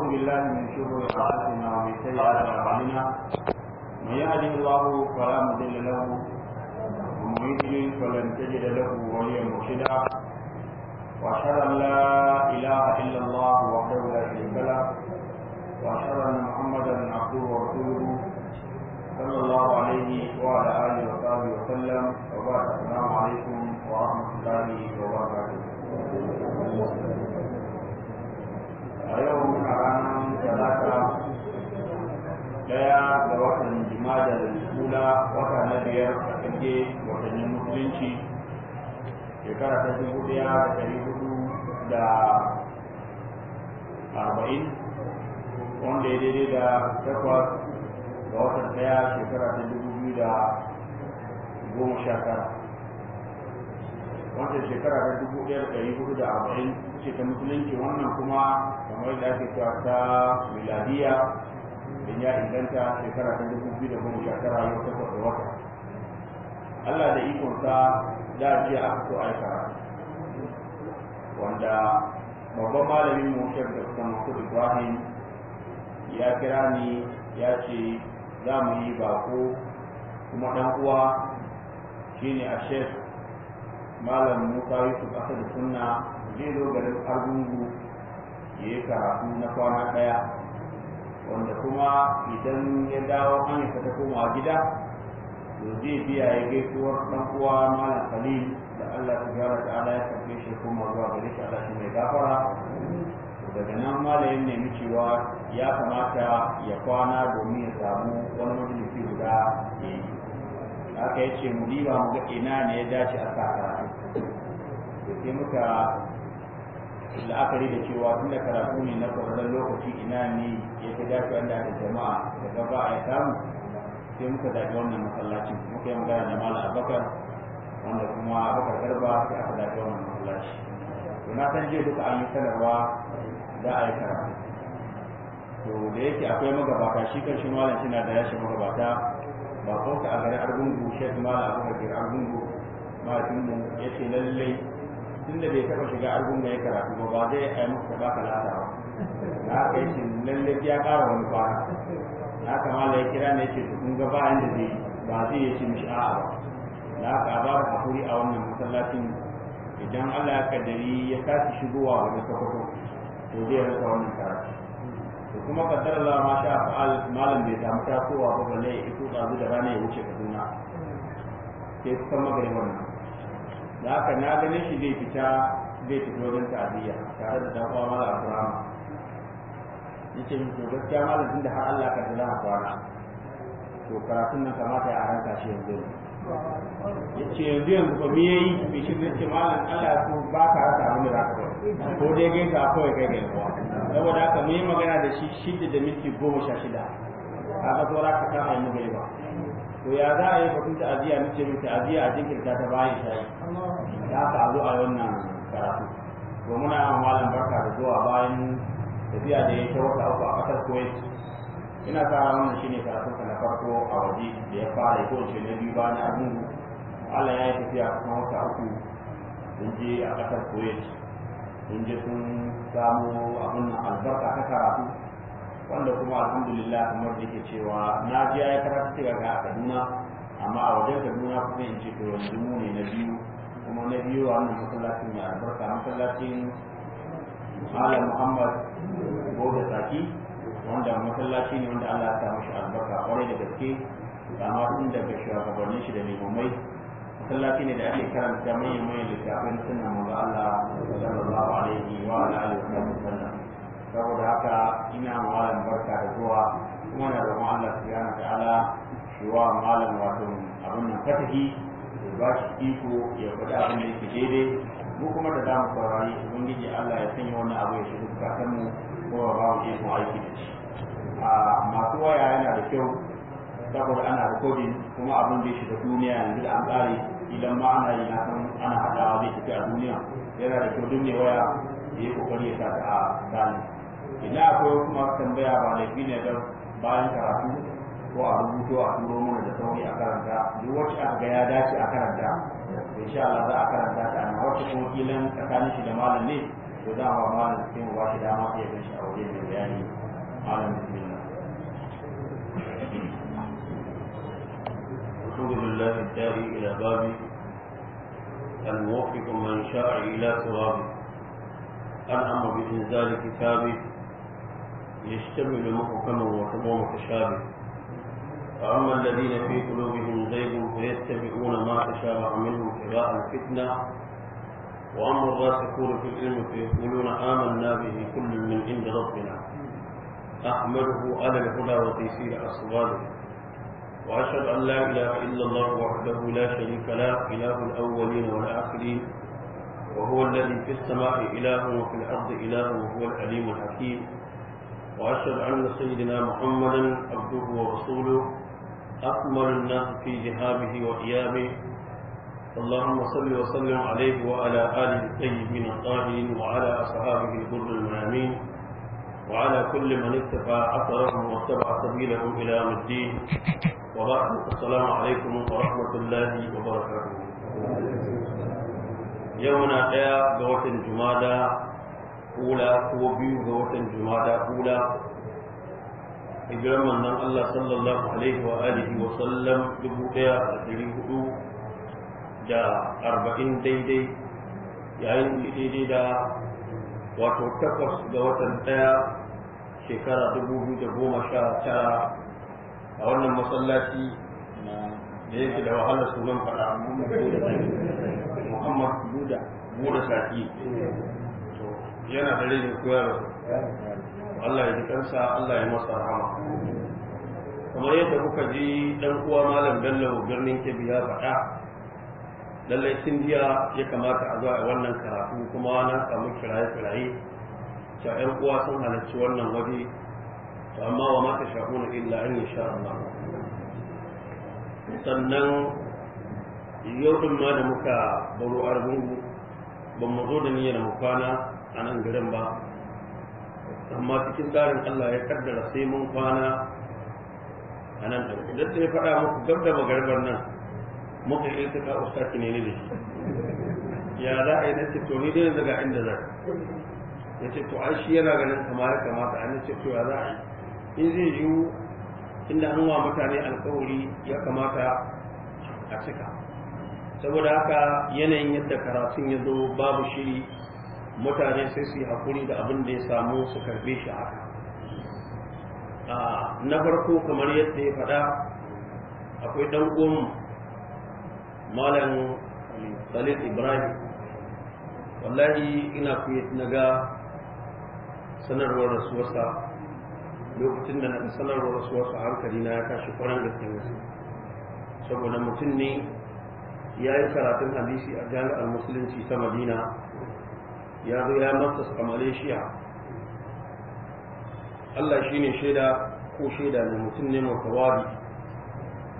أعوذ بالله من شرور انفسنا ومن سيئات اعمالنا من يهده الله فلا مضل له ومن يضلل فلن تجد له وليا مرشدا واشهد ان لا اله الا الله وحده لا شريك له واشهد ان محمدا عبده ورسوله صلى الله عليه وعلى اله وصحبه وسلم وبارك السلام عليكم ورحمه الله وبركاته a yau a ranar talata daya ga watan jima'a da kula wata na biyar a ƙirge watannin musulunci shekara ta dubu ɗaya da ɗari hudu da arba'in wanda ya daidai da takwas ga watan ɗaya shekara ta dubu biyu da goma sha tara wanda shekara ta dubu ɗaya da ɗari hudu da arba'in ce ta musulunci wannan kuma kamar da ake cewa ta miladiya in ya inganta shekara ta dubu biyu da goma sha tara yau takwas da wata Allah da sa da jiya aka so a wanda babban malamin mu shek da kuma masu Ibrahim ya kira ni ya ce za mu yi bako kuma dan uwa shine a shek malam Musa Yusuf Asad Sunna zai zo garin Argungu ya yi karatu na kwana ɗaya wanda kuma idan ya dawo hanyar ta komawa gida to zai biya ya kuwar ɗan uwa malam khalil da Allah ta ala ya karfe shi kuma zuwa gare shi Allah shi mai gafara daga nan malamin nemi cewa ya kamata ya kwana domin ya samu wani majalisi guda ya yi aka yace mu diba mu ga ina ne ya dace a sa karatu da sai muka la'akari da cewa tunda karatu ne na kwararren lokaci ina ne ya fi dafi wanda aka jama'a da gaba a samu sai muka zaɓi wannan masallacin muka yi magana da malam abakar wanda kuma abakar garba sai aka zaɓi wannan masallaci to na san jiya duka an yi sanarwa za a yi karatu to da yake akwai magabata shi kan shi malam shi na da yashi magabata ba kawai ka a garin argungu shek malam abakar argungu ma ya ce lallai tunda bai taɓa shiga argun da ya karatu ba ba zai ai maka ba ka lada ba na kai shi lalle ya ƙara wani kwana na kamala ya kira ne ce kun ga ba inda zai ba zai ya shi mishi a'a ba na ka ba ka hakuri a wannan masallacin idan Allah ya kaddari ya tashi shigowa wani sokoto to zai rasa wannan karatu to kuma kaddar Allah ma sha fa'al malam bai samu tasowa ba balle ya iso ɗazu da rana ya wuce Kaduna sai kusan magarin wannan da haka na ganin shi zai fita zai fito wajen ta'aziyya tare da dan uwa mala abraham yace min to gaskiya malam tun da har Allah ka jira kwana to karatun nan kamata ya aranta shi yanzu yace yanzu yanzu ko me yayi me shi zai ce malam Allah ko ba ka rasa mun da ka ko dai gai ka ko kai gai ko saboda haka mu yi magana da shi shi da minti goma sha shida kaga ka ta yi mu to ya za a yi batun ta'aziyya muke mai ta'aziyya a jinkirta ta bayan ta yi ya a zo a wannan karatu to muna yawan malam barka da zuwa bayan tafiya da ya ta wata uku a ƙasar kuwait ina sa wannan shine karatu ka na farko a waje da ya fara ko ce na biyu bayan abu Allah ya yi tafiya kuma wata uku sun je a ƙasar kuwait sun je sun samu abin albarka ta karatu wanda kuma alhamdulillah kamar da yake cewa na ji ya karatu sai ga Kaduna amma a wajen Kaduna kuma in ce to yanzu mu ne na biyu kuma na biyu a wannan masallacin mai albarka masallacin Malam Muhammad Boda Saki wanda masallaci ne wanda Allah ya sa mashi albarka kwarai da gaske amma tun daga shugabannin shi da limamai masallaci ne da ake karanta manyan manyan littafin sunan manzo Allah sallallahu alaihi wa alihi wa sallam saboda haka ina malam barka da zuwa kuma na roƙon Allah subhanahu ta'ala shi wa malam wato abin nan fatahi ya ba shi iko ya faɗi abin da yake daidai mu kuma da zamu saurari ubangiji Allah ya sanya wani abu ya shiga zukatan mu ko ba ba mu iko aiki da shi masu waya yana da kyau saboda ana recording kuma abin da ya shiga duniya yanzu da an tsare idan ma ana yi na san ana haɗawa zai tafi a duniya yana da kyau duk mai waya ya yi kokari ya sa ta a gane idan akwai wasu masu tambaya ba laifi ne don bayan karatu ko a rubuto a turo mana da sauri a karanta duk wacce aka ga ya dace a karanta to insha Allah za a karanta ta amma wacce kuma kilan tsakanin shi da malam ne to za a ba malam sai mu ba shi dama sai ya gan shi a waje mai bayani malam bismillah الحمد لله الداعي إلى بابي الموفق من شاء إلى ثوابه أنعم بإنزال كتابه يشتمل محكما متشابه فأما الذين في قلوبهم زيغ فيتبعون ما تشابه منه ابتغاء الفتنة وأما الراسخون في العلم فيقولون آمنا به كل من عند ربنا أحمده على الهدى وتيسير أسواده وأشهد أن لا إله إلا الله وحده لا شريك له إله الأولين والآخرين وهو الذي في السماء إله وفي الأرض إله وهو العليم الحكيم وأشهد أن سيدنا محمدا عبده ورسوله أكمل الناس في ذهابه وإيابه اللهم صل وسلم عليه وعلى آله الطيبين الطاهرين وعلى أصحابه الغر المنامين وعلى كل من اتبع أثرهم واتبع سبيله إلى يوم الدين وبعد السلام عليكم ورحمة الله وبركاته يومنا يا قوة جمادى kula ko biyu ga watan jumada kula hijiran nan Allah sallallahu alaihi wa alihi wa sallam dubu daya a dari hudu da arba'in daidai yayin daidai da wato takwas ga watan daya shekara dubu biyu da goma sha tara a wannan masallaci da yake da wahala sunan faɗa muhammad buda buda sati yana da rai ko yana Allah ya ji kansa Allah ya masa rahama kamar yadda kuka ji dan uwa malam Bello birnin Kebbi ya faɗa lallai tun jiya ya kamata a zuwa wannan karatu kuma na samu kiraye-kiraye ta ‘yan uwa sun halarci wannan waje to amma wa mata shahuna illa an yi sha Allah sannan yau din ma da muka baro argungu ban mu zo da niyyar mu kwana a nan garin ba amma cikin tsarin Allah ya kaddara sai mun kwana a nan garin idan sai faɗa muku gab da magarbar nan muka yi ta ka ustaki ne ne da shi ya za a yi na to ni dai daga inda zai ya ce to ai shi yana ganin kamar kamata an ce to ya za a yi in zai yiwu inda an wa mutane alkawari ya kamata a cika saboda haka yanayin yadda karatun ya zo babu shiri mutane sai su yi hakuri da abin da ya samu su karbe shi haka na farko kamar yadda ya faɗa akwai ɗan uwan malam Ibrahim wallahi ina kuyi na ga sanarwar rasuwarsa lokacin da na sanarwar rasuwarsa hankali na ya tashi kwaran gaske saboda mutum ne ya yi karatun hadisi a jami'ar musulunci ta madina ya zo ya masa a allah shi ne shaida ko shaida ne mutum ne kawari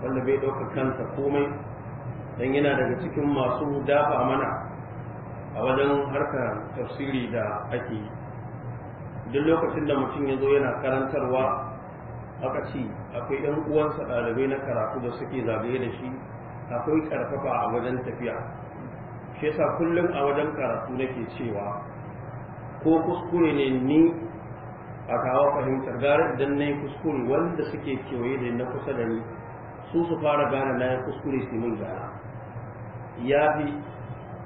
wanda bai ɗauka kanta komai don yana daga cikin masu dafa mana a wajen harkar tafsiri da ake yi duk lokacin da mutum ya zo yana karantarwa aka ce akwai ɗan uwansa ɗalibai na karatu da suke zagaye da shi akwai ƙarfafa a wajen tafiya shi yasa kullum a wajen karatu nake cewa ko kuskure ne ni a kawo fahimtar gara idan na yi kuskure wanda suke kewaye da na kusa da ni su su fara gane na yi kuskure su mun gana ya fi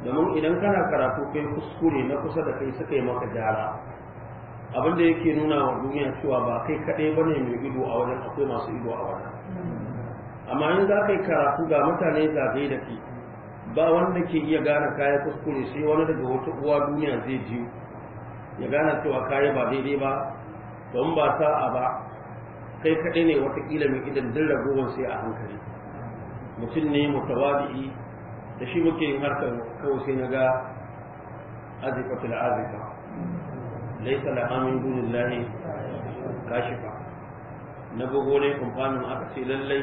domin idan kana karatu kai kuskure na kusa da kai suka yi maka jara, abin da yake nuna wa duniya cewa ba kai kaɗai ba ne mai ido a wajen akwai masu ido a wajen amma in za ka yi karatu ga mutane zagaye da ke ba wanda ke iya gane kayan kuskure sai wani daga wata uwa duniya zai ji ya gane cewa kaya ba daidai ba don ba sa'a ba kai kaɗai ne watakila mai idan dun ragowar sai a hankali mutum ne mutawadi'i da shi muke yin harkar kawai sai na ga azifatul azika laisa amin dunin lahi kashifa na gogo ne kumfanin aka ce lallai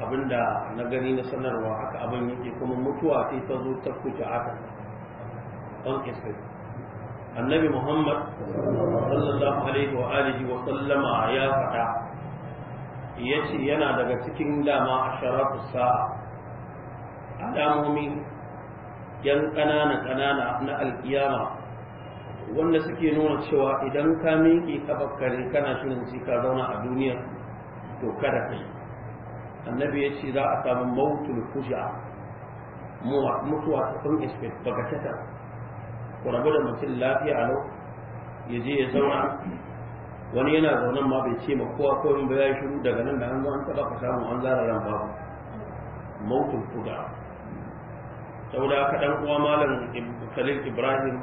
abinda na gani na sanarwa haka abin yake kuma mutuwa sai ta zo ta kuce aka on isri annabi muhammad sallallahu alaihi wa alihi wa sallama ya faɗa yace yana daga cikin dama a sharafu sa'a alamomi yan ƙanana ƙanana na alƙiyama wanda suke nuna cewa idan ka miƙe kafakkare kana shirin ka zauna a duniya to kada ka annabi ya ce za a samu mautul kuja mutuwa ta kun ispit bagatata ku rabu da mutum lafiya a ya je ya zauna wani yana zaunan ma bai ce ma kowa ko ba ya shiru daga nan da an zo an taba ka samu an zara ran babu mautul kuja saboda haka dan uwa malam Khalil Ibrahim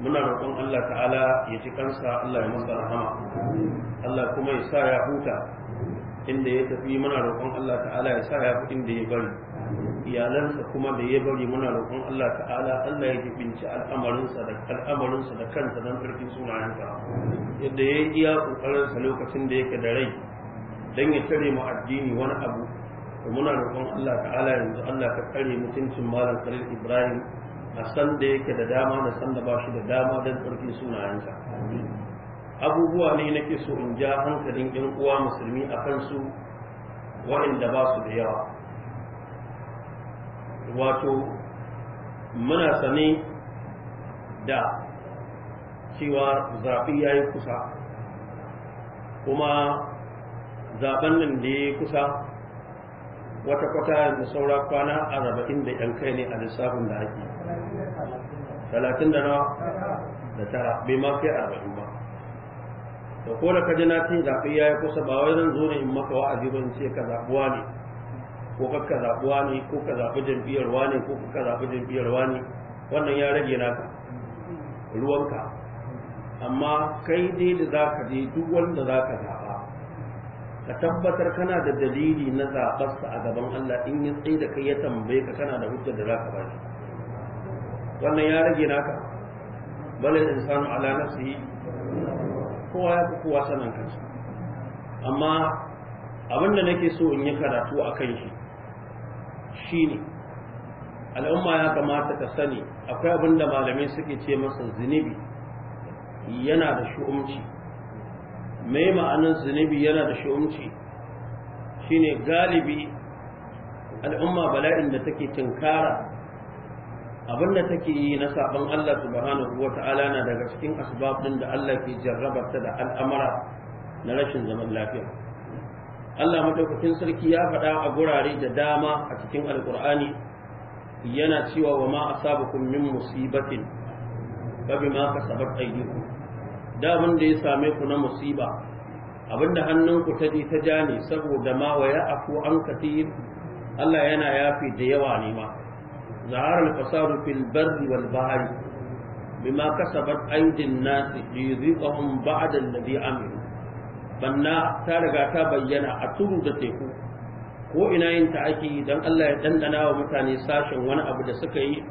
muna roƙon Allah ta'ala ya ci kansa Allah ya masa rahama Allah kuma ya sa ya huta inda ya tafi muna roƙon Allah ta'ala ya sa ya fi inda ya bari iyalansa kuma da ya bari muna roƙon Allah ta'ala Allah ya jibinci al'amarinsa da al'amarinsa da kansa don ƙarfin sunayensa yadda ya yi iya ƙoƙarinsa lokacin da yake da rai don ya tare mu addini wani abu da muna roƙon Allah ta'ala yanzu Allah ka kare mutuncin malam Khalil Ibrahim a san da yake da dama da san da ba shi da dama don ƙarfin sunayensa abubuwa ne nake so in ja hankalin yan uwa musulmi a kansu waɗanda ba su da yawa wato muna sane da cewa zaɓi ya yi kusa kuma zaɓen nan da ya yi kusa wata kwata yanzu saura kwana arba'in da yan kai ne a lissafin da ake talatin da nawa da tara bai ma kai arba'in ba to ko da kaji na ce zaɓi ya yi kusa ba wai zan zo ne in maka wa'azi ban ce ka zaɓuwa ne ko ka zaɓuwa ne ko ka zaɓi jam'iyyar ne ko ka zaɓi jam'iyyar ne wannan ya rage naka ruwanka amma kai dai da za ka je duk wanda za ka zaɓa ka tabbatar kana da dalili na zaɓarsa a gaban Allah in yi tsaye da kai ya tambaye ka kana da hujjar da za ka bari wannan ya rage naka balal insanu ala nafsihi kowa ya fi kowa sanin kansa amma abin da nake so in yi karatu a kan shi shine al'umma ya kamata ta sani akwai abin da malamai suke ce masa zunubi yana da shu'umci mai ma'anin zunubi yana da shu'umci shine galibi al'umma bala'in da take tunkara abin da take yi na sabon Allah subhanahu wa ta'ala na daga cikin asbab din da Allah ke ta da al'amara na rashin zaman lafiya Allah madaukakin sarki ya faɗa a gurare da dama a cikin alkur'ani yana cewa wa ma asabakum min musibatin fa bima kasabat aydikum da abin da ya same ku na musiba abin da hannunku ta ji ta ja ne saboda ma wa ya'fu an katir Allah yana yafi da yawa ne ma ظهر الفساد في البر والبحر بما كسبت أيدي الناس ليذيقهم بعد الذي عملوا banna ta riga ta bayyana a tudu da teku ko ina yin ta ake don Allah ya dandana wa mutane sashen wani abu da suka yi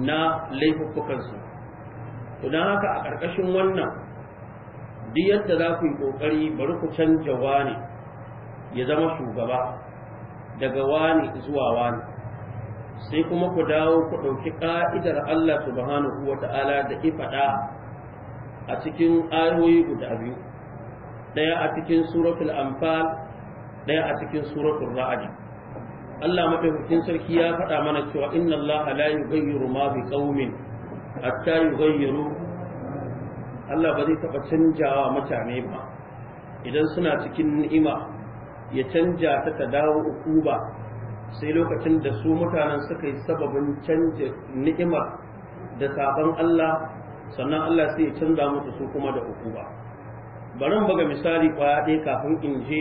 na laifuffukansu to don haka a ƙarƙashin wannan duk yadda za ku yi ƙoƙari bari ku canja wani ya zama shugaba daga wani zuwa wani sai kuma ku dawo ku ɗauki ƙa'idar Allah subhanahu wa ta'ala da faɗa a cikin ayoyi guda biyu ɗaya a cikin suratul anfal ɗaya a cikin suratul ra'adi Allah madaukakin sarki ya faɗa mana cewa inna Allah la yughayyiru ma bi qaumin hatta yughayyiru Allah ba zai taɓa canjawa mutane ba idan suna cikin ni'ima ya canja ta ta dawo ukuba sai lokacin da su mutanen suka yi sababin canje ni'ima da sabon Allah sannan Allah sai ya canza musu su kuma da hukuma bari in buga misali kwaya ɗaya kafin in je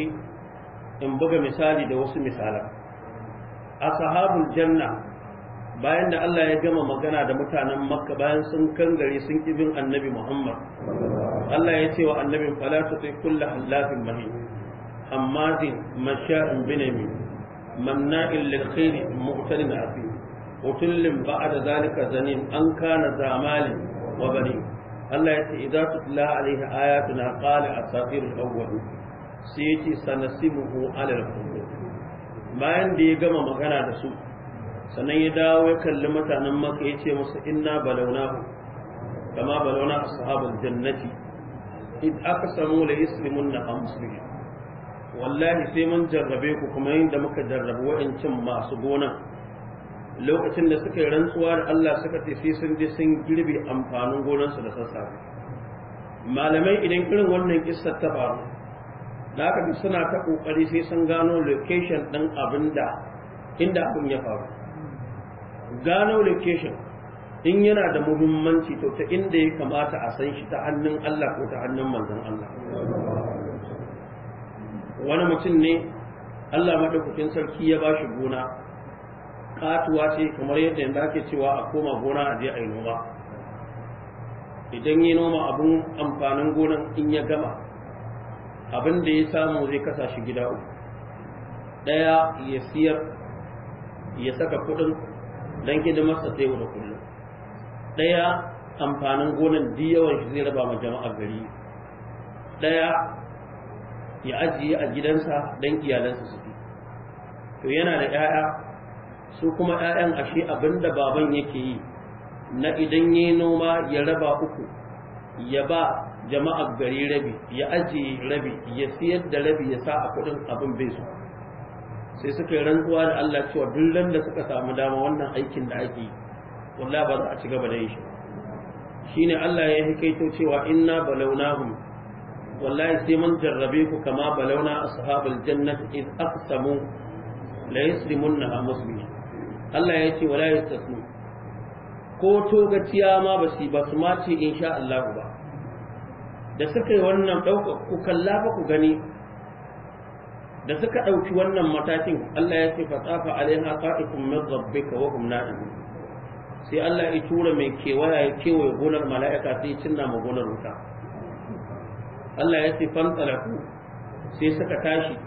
in buga misali da wasu misalan ashabul janna bayan da Allah ya gama magana da mutanen makka bayan sun kangare sun kibin annabi muhammad Allah ya ce wa annabin fala tuti kullu halafin mahin hammazin masha'in binami mamna'in lil khairi mu'tadin a da ba'da zalika zanin an kana zamalin wa bani Allah ya ce idza tutla alaihi ayatuna qala asatirul awwal sai ya ce sanasimuhu alal qulub bayan da ya gama magana da su sannan ya dawo ya kalli mutanen maka ya ce musu inna balauna kama balauna ashabul jannati id aqsamu la yuslimunna amsihim wallahi sai mun jarrabe ku kuma yin muka jarrabe wa'ancin masu gona lokacin da suka yi rantsuwa da Allah suka ce sai sun je sun girbe amfanin gonarsu da sassafe malamai idan irin wannan kissar ta faru da aka bi suna ta kokari sai sun gano location din abin inda abin ya faru gano location in yana da muhimmanci to ta inda ya kamata a san shi ta hannun Allah ko ta hannun manzon Allah wani mutum ne Allah madaukakin sarki ya bashi gona katuwa ce kamar yadda yanzu ake cewa a koma gona a je a yi noma idan ya noma abin amfanin gonan in ya gama abin da ya samu zai kasa shi gida uku ɗaya ya siyar ya saka kuɗin don hidimarsa sai da kullum ɗaya amfanin gonan duk shi zai raba ma jama'ar gari ɗaya ya ajiye a gidansa don iyalansa su fi to yana da 'ya'ya su kuma 'ya'yan ashe da baban yake yi na idan yi noma ya raba uku ya ba jama'a gari rabi ya ajiye rabi ya siyar da rabi ya sa a kudin abin bai su sai suka yi rantsuwa da Allah cewa duk da suka samu dama wannan aikin da ake wallahi ba za a ci gaba da yin shi shine Allah ya hikaito cewa inna balawnahum wallahi sai mun jarrabe ku kama balauna ashabul jannah id aqsamu la a muslimin Allah ya ce wala yastasnu ko to gaciya ma ba su ba su ma ce insha Allah ba da suka yi wannan dauka ku kalla ba ku gani da suka dauki wannan matakin Allah ya ce fatafa alaiha qa'ikum min rabbika wa hum na'imun sai Allah ya tura mai kewaya ya kewaye gonar mala'ika sai cinna ma gonar wuta Allah ya ce fantalaku sai suka tashi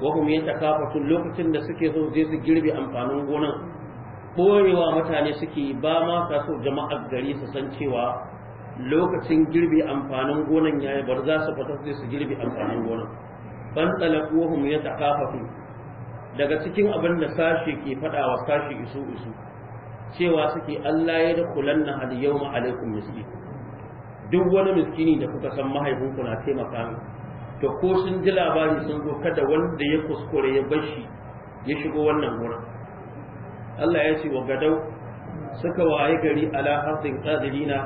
wa hum yatakafatun lokacin da suke so zai su girbe amfanin gonan boyewa mutane suke ba ma ka so jama'ar gari su san cewa lokacin girbe amfanin gonan ya yi bar za su fita sai su girbe amfanin gonan fantalaku wa hum yatakafatun daga cikin abin da sashi ke faɗa wa sashi isu isu cewa suke Allah ya da kulanna al yawma alaikum miskin duk wani miskini da kuka san mahaifinku na taimaka to ko sun ji labari sun zo kada wanda ya kuskure ya bashi ya shigo wannan wurin Allah ya ce wa gadau suka waye gari ala hardin qadirina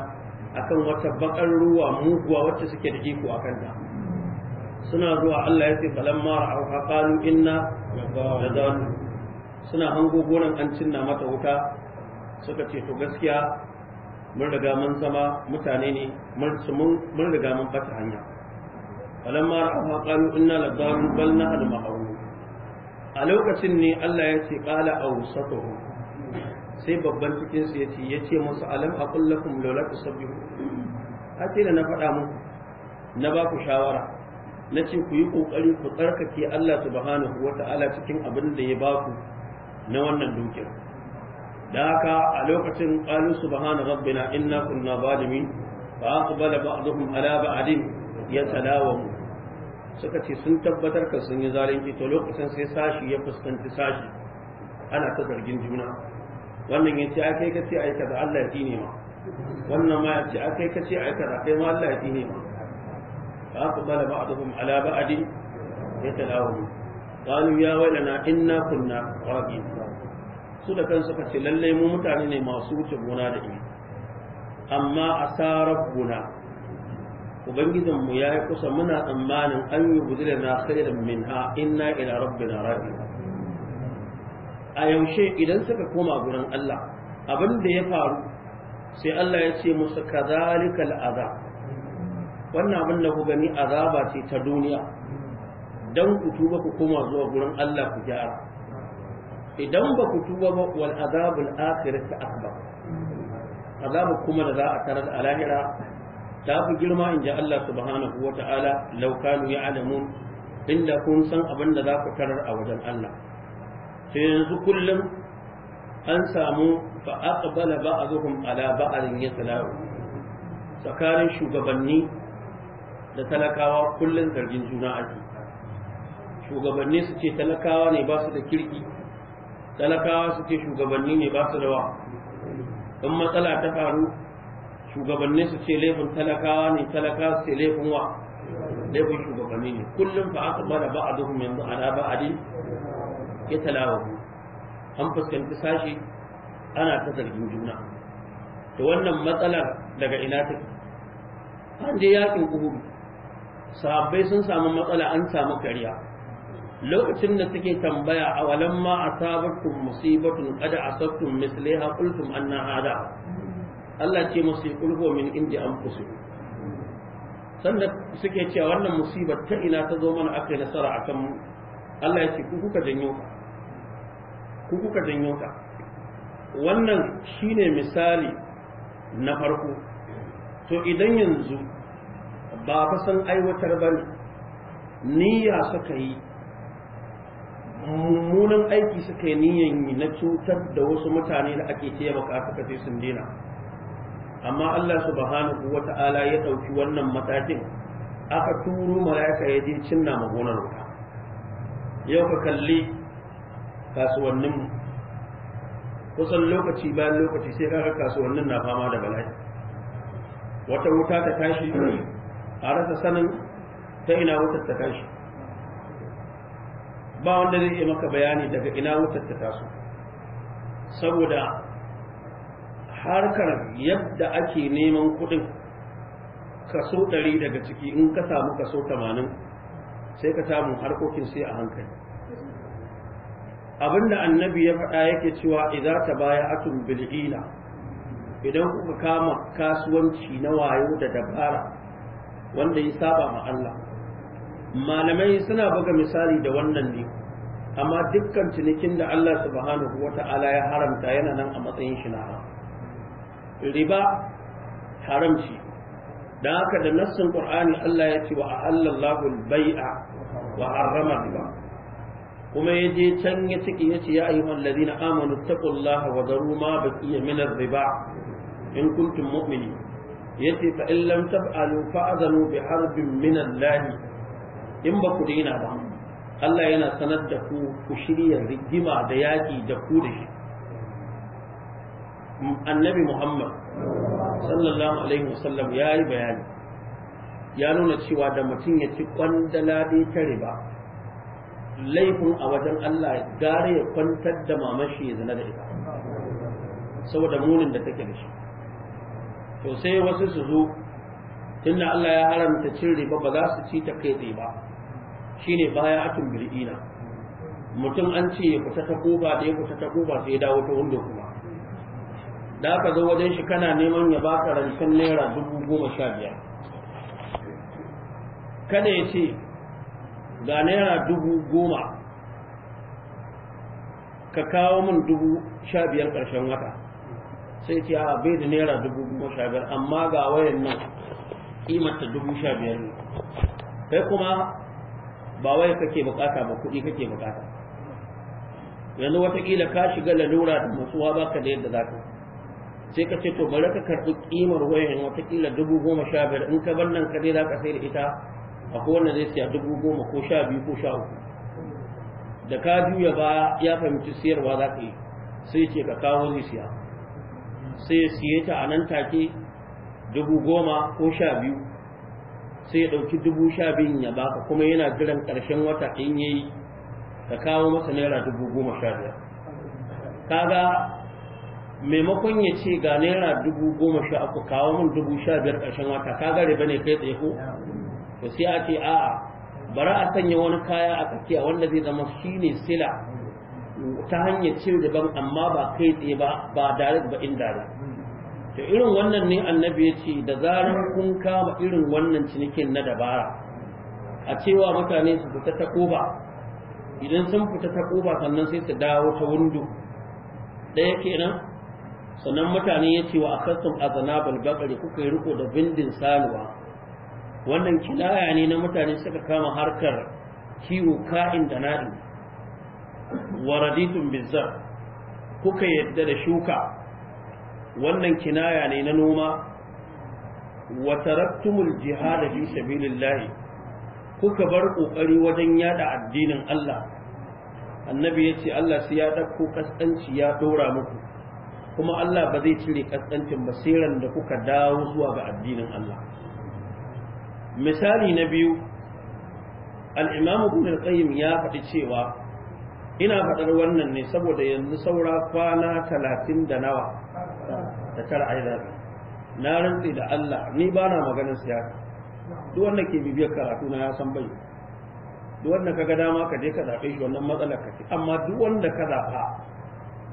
akan wata bakar ruwa muguwa wacce suke da jiko akan ta suna zuwa Allah ya ce falamma ra'awha qalu inna ladalu suna hango gonan an cinna mata wuta suka ce to gaskiya mun riga mun zama mutane ne mun riga mun fata hanya falamma ra'aha qalu inna ladaru bal nahnu ma'ruf a lokacin ne Allah ya ce qala awsatuhum sai babban cikin su yace yace musu alam aqul lakum lawla tusabbihu ace da na faɗa muku na ba ku shawara na ce ku yi kokari ku tsarkake Allah subhanahu wata'ala cikin abin da ya ba ku na wannan dukiyar da haka a lokacin qalu subhana rabbina inna kunna zalimin fa aqbala ba'dhum ala ba'din yatalawam suka ce sun tabbatar ka sun yi zalunci to lokacin sai sashi ya fuskanci sashi ana juna wannan kace ai kaza Allah ya tsine ma wannan ma yace akai kace ai kaza kai ma Allah ya tsine ma فأقبل بعضهم على بعض يتلاوم قالوا يا ويلنا إنا كنا غافلين su da kansu ka ce lalle mu mutane ne masu wuce gona da iri amma asarar gona ubangijin mu yayi kusa muna tsammanin an yi gudure na khairan minha inna ila rabbina raji'un a yaushe idan suka koma gurin Allah abin da ya faru sai Allah ya ce musu kazalikal azab wannan abin da ku gani azaba ce ta duniya dan ku tuba ku koma zuwa gurin Allah ku gyara idan ba ku tuba ba wal azabul akhirati akbar azabu kuma da za a tarar a lahira ta fi girma in ji Allah subhanahu wa ta'ala law kanu ya'lamun inda kun san abin da za ku tarar a wajen Allah sai yanzu kullum an samu fa aqbala ba'dhum ala ba'dhin yatalau tsakanin shugabanni da talakawa kullum zargin juna ake shugabanni su ce talakawa ne ba su da kirki talakawa suke shugabanni ne ba su da wa in matsala ta faru shugabanni su ce laifin talakawa ne talakawa su ce laifin wa laifin shugabanni ne kullum fa aka bada ba a duhun yanzu ana ba a din ya talawa an fuskanci sashi ana ta zargin juna da wannan matsalar daga ina take an je yakin kuhu sahabbai sun samu matsala an samu kariya lokacin da suke tambaya a walan ma sabatun musibatun qad asabtum misliha an na hada Allah ce musu kulhu min an anfusikum sanda suke cewa wannan musibar ta ina ta zo mana aka yi nasara a kan Allah ya ce ku kuka janyo ka ku kuka janyo ka wannan shine misali na farko to idan yanzu ba fa san aiwatar bane niyya suka yi mummunan aiki suka yi niyan yi na cutar da wasu mutane da ake maka suka sai sun dina amma Allah subhanahu wata'ala ya ɗauki wannan matakin aka turo mala'ika ya je cinna magonar wuta yau ka kalli kasuwannin kusan lokaci bayan lokaci sai kaga kasuwannin na fama da bala'i wata wuta ta tashi a rasa sanin ta ina wutar ta tashi ba wanda zai yi maka bayani daga ina wutar ta taso saboda harkar yadda ake neman kuɗin kaso ɗari daga ciki in ka samu kaso tamanin sai ka samu harkokin sai a hankali abinda annabi ya faɗa yake cewa idan ta baya atun bil'ina idan kuka kama kasuwanci na wayo da dabara wanda ya saba ma Allah malamai suna buga misali da wannan ne amma dukkan cinikin da Allah subhanahu wata'ala ya haramta yana nan a matsayin shi na riba haramci, shi haka da nassin qur'ani Allah ya ce wa ahallallahu al-bai'a wa harrama riba kuma ya je can ya ciki ya ce ya ayyuhal ladina amanu taqullaha wa daru ma baqiya min ar-riba in kuntum mu'minin yace fa in lam taf'alu fa'zanu bi harbin min Allah in ba ku daina ba Allah yana sanar da ku ku shirya rigima da yaƙi da ku da shi annabi Muhammad sallallahu alaihi wasallam ya yi bayani ya nuna cewa da mutum ya ci kwandala bai ta riba laifin a wajen Allah gare ya kwantar da mamashi ya zana da ita saboda munin da take da shi to sai wasu su zo tunda Allah ya haramta cin riba ba za su ci ta kai ba shine atun bil'ina mutum an ce ya fita ta koba da ya fita ta koba sai ya dawo ta wanda kuma da aka zo wajen shi kana neman ya baka rancen naira dubu goma sha biyar kada ya ce ga naira dubu goma ka kawo min dubu sha biyar ƙarshen wata sai ce a bai da naira dubu goma sha biyar amma ga wayan nan ƙimarta dubu sha biyar ne kai kuma ba wai kake bukata ba kuɗi kake bukata yanzu watakila ka shiga lalura da matsuwa ba ka da yadda za ka sai ka ce to bari ka karɓi ƙimar wayan watakila dubu goma sha biyar in ka bar nan ka dai za ka sai da ita a wanda zai siya dubu goma ko sha biyu ko sha uku da ka juya ba ya fahimci siyarwa za ka yi sai ce ka kawo zai siya sai ya siye ta a nan take dubu goma ko sha biyu sai ya ɗauki dubu sha biyun ya baka kuma yana jiran ƙarshen wata in yi ka kawo masa naira dubu goma sha biyar kaga maimakon ya ce ga naira dubu goma sha uku kawo min dubu sha biyar ƙarshen wata kaga riba ne kai tsaye ko to sai a ce a'a bara a sanya wani kaya a tsakiya wanda zai zama shine sila ta hanyar cin riban amma ba kai tsaye ba ba direct ba indirect da irin wannan ne annabi ya ce da zarar kun kama irin wannan cinikin na dabara a cewa mutane su fita ta koba idan sun fita ta koba sannan sai su dawo ta wundu. ɗaya kenan sannan mutane ya ce wa a kasum a zanabal kuka yi riko da bindin saluwa wannan kilaya ne na mutane suka kama harkar kiwo ka'in da na'in wa raditun bizar kuka yadda da shuka wannan kinaya ne na noma wa taraktumul jihad fi sabilillah kuka bar kokari wajen yada addinin Allah annabi yace Allah sai ya dauko kasanci ya dora muku kuma Allah ba zai cire ba basiran da kuka dawo zuwa ga addinin Allah misali na biyu al-imamu ibn al-qayyim ya faɗi cewa ina faɗar wannan ne saboda yanzu saura kwana talatin da nawa da tara yi na rantsi da Allah ni ba na maganar siyasa duk wanda ke bibiyar karatu na ya san bai duk wanda kaga dama ka je ka zabe shi wannan matsalar ka ce amma duk wanda ka zaba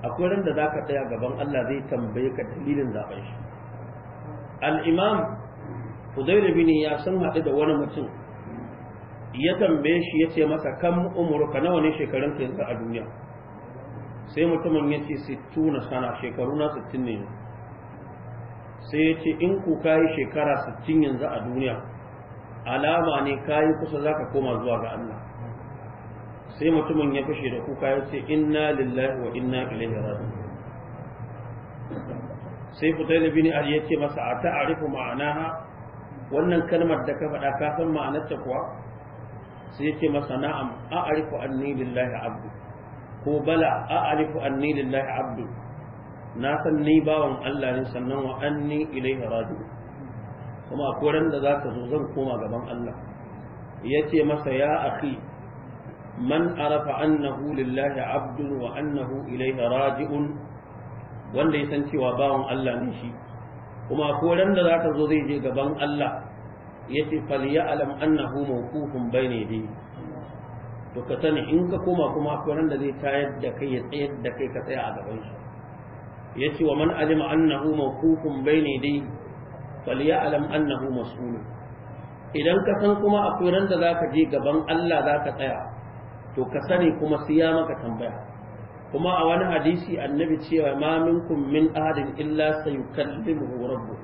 akwai ran da zaka tsaya gaban Allah zai tambaye ka dalilin zaben shi al-imam Fudair bin ya san haɗu da wani mutum ya tambaye shi ya ce masa kan umurka nawa ne shekarun ka yanzu a duniya sai mutumin ya ce 60 sana shekaru na 60 ne sai ya ce in ku kayi shekara 60 yanzu a duniya alama ne kayi kusa za ka koma zuwa ga Allah sai mutumin ya fashe da kuka ya ce inna lillahi wa inna ilaihi raji'un sai futail bin ali ya ce masa a ta'arifu ma'anaha wannan kalmar da ka faɗa ka san ma'anarta kuwa sai ya ce masa na'am a'arifu anni lillahi abdu ko bala a'arifu anni lillahi abdu na san ni bawan Allah ne sannan wa anni ilaihi raji'un kuma a koran da ka zo zan koma gaban Allah ya ce masa ya akhi man arafa annahu lillahi abdun wa annahu ilaihi raji'un wanda ya san cewa bawan Allah ne shi kuma a koran da ka zo zai je gaban Allah ya yace falya'lam annahu mawqufun bayni yadayhi to ka sani in ka koma kuma akwai wanda zai tayar da kai ya tsayar da kai ka tsaya a gaban shi Ya ce wa man alima annahu mawqufun bayni dai alam annahu mas'ul idan ka san kuma akwai ran da zaka je gaban Allah zaka tsaya to ka sani kuma ya maka tambaya kuma a wani hadisi annabi cewa ma minkum min ahadin illa sayukallimuhu rabbuh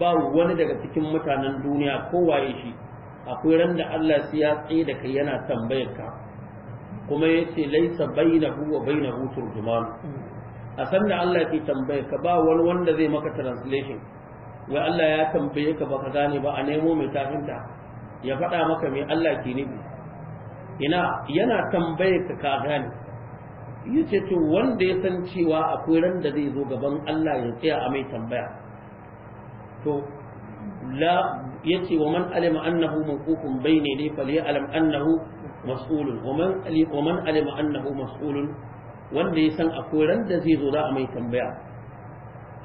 ba wani daga cikin mutanen duniya ko waye shi akwai ran da Allah sai ya tsaye da kai yana tambayar ka kuma yace laysa bainahu wa bainahu turjuman a sanda Allah ke tambaye ka ba wani wanda zai maka translation wai Allah ya tambaye ka baka gane ba a nemo mai tafinta ya faɗa maka mai Allah ke nufi ina yana tambaye ka ka gane yace to wanda ya san cewa akwai ran da zai zo gaban Allah ya tsaya a mai tambaya to la yace wa man alima annahu mawqufun bayni li fali alam annahu mas'ulun wa man alima annahu mas'ulun wanda ya san akwai ran da zai zo za a mai tambaya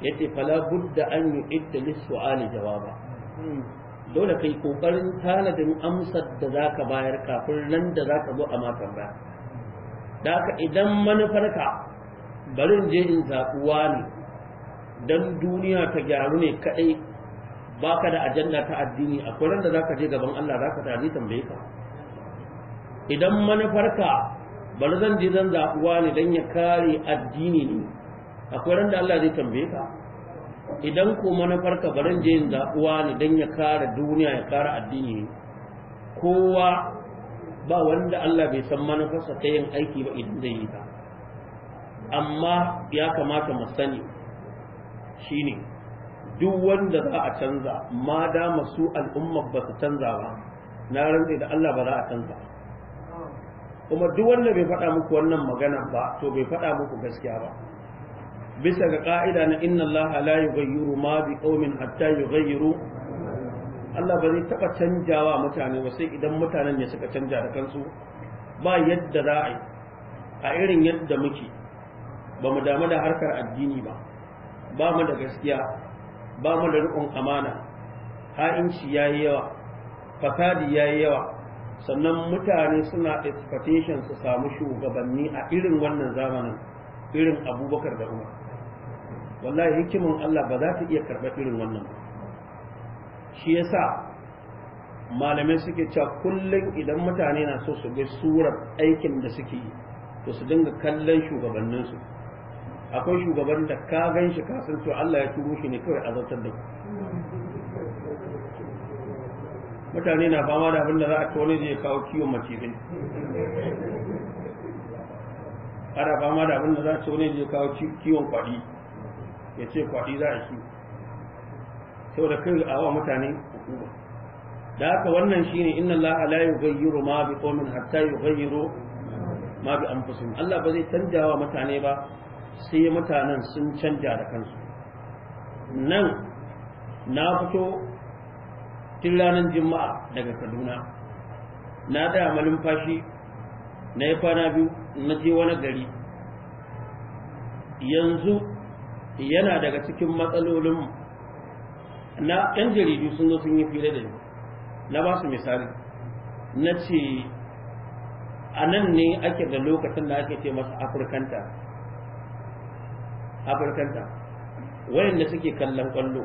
yace fala budda an idda li suali jawaba dole kai kokarin tanadin amsar da zaka bayar kafin nan da zaka zo a ma tambaya da haka idan manufarka barin je in zaɓuwa ne dan duniya ta gyaru ne kaɗai ba ka da ajanda ta addini a ran da za ka je gaban Allah za tare tambaye ka idan manufarka bari zan je zan zaɓuwa ne don ya kare addini ne akwai ran da Allah zai tambaye ka idan ko manufarka bari je yin zaɓuwa ne don ya kare duniya ya kare addini ne kowa ba wanda Allah bai san manufarsa ta yin aiki ba idan zai yi ta amma ya kamata mu sani shine duk wanda za a canza ma da masu al'umma ba su canza ba na rantsi da Allah ba za a canza ba kuma duk wanda bai faɗa muku wannan magana ba to bai faɗa muku gaskiya ba bisa ga ka'ida na inna Allah la yughayyiru ma bi qaumin hatta yughayyiru Allah ba zai taba canjawa mutane ba sai idan mutanen ne suka canja da kansu ba yadda za a yi a irin yadda muke ba mu damu da harkar addini ba ba mu da gaskiya ba mu da riƙon amana ha'inci yayi yawa fasadi yayi yawa sannan mutane suna expectation su samu shugabanni a irin wannan zamanin irin abubakar da umar wallahi hikimin Allah ba za ta iya karɓar irin wannan shi yasa malamai suke cewa kullum idan mutane na so su ga surar aikin da suke yi to su dinga kallon shugabanninsu akwai shugaban da ka gan shi ka san Allah ya turo shi ne kawai azartar da ku mutane na fama da abin da za a kawo ne zai kawo kiwon macizai ana fama da abin da za a kawo ne zai kawo kiwon kwaɗi ya ce kwaɗi za a kiwo saboda kai a wa mutane hukuma da haka wannan shi ne inna allaha yi yughayyiru ma bi komin hatta yughayyiru ma bi an fusun Allah ba zai canja wa mutane ba sai mutanen sun canja da kansu nan na fito tun ranar juma'a daga kaduna na daya malin fashi na yi kwana biyu na je wani gari yanzu yana daga cikin matsalolin na yan jaridu sun zo sun yi fira da ni na ba su misali na ce a nan ne ake da lokacin da ake ce masa afirkanta afirkanta wayanda suke kallon kwallo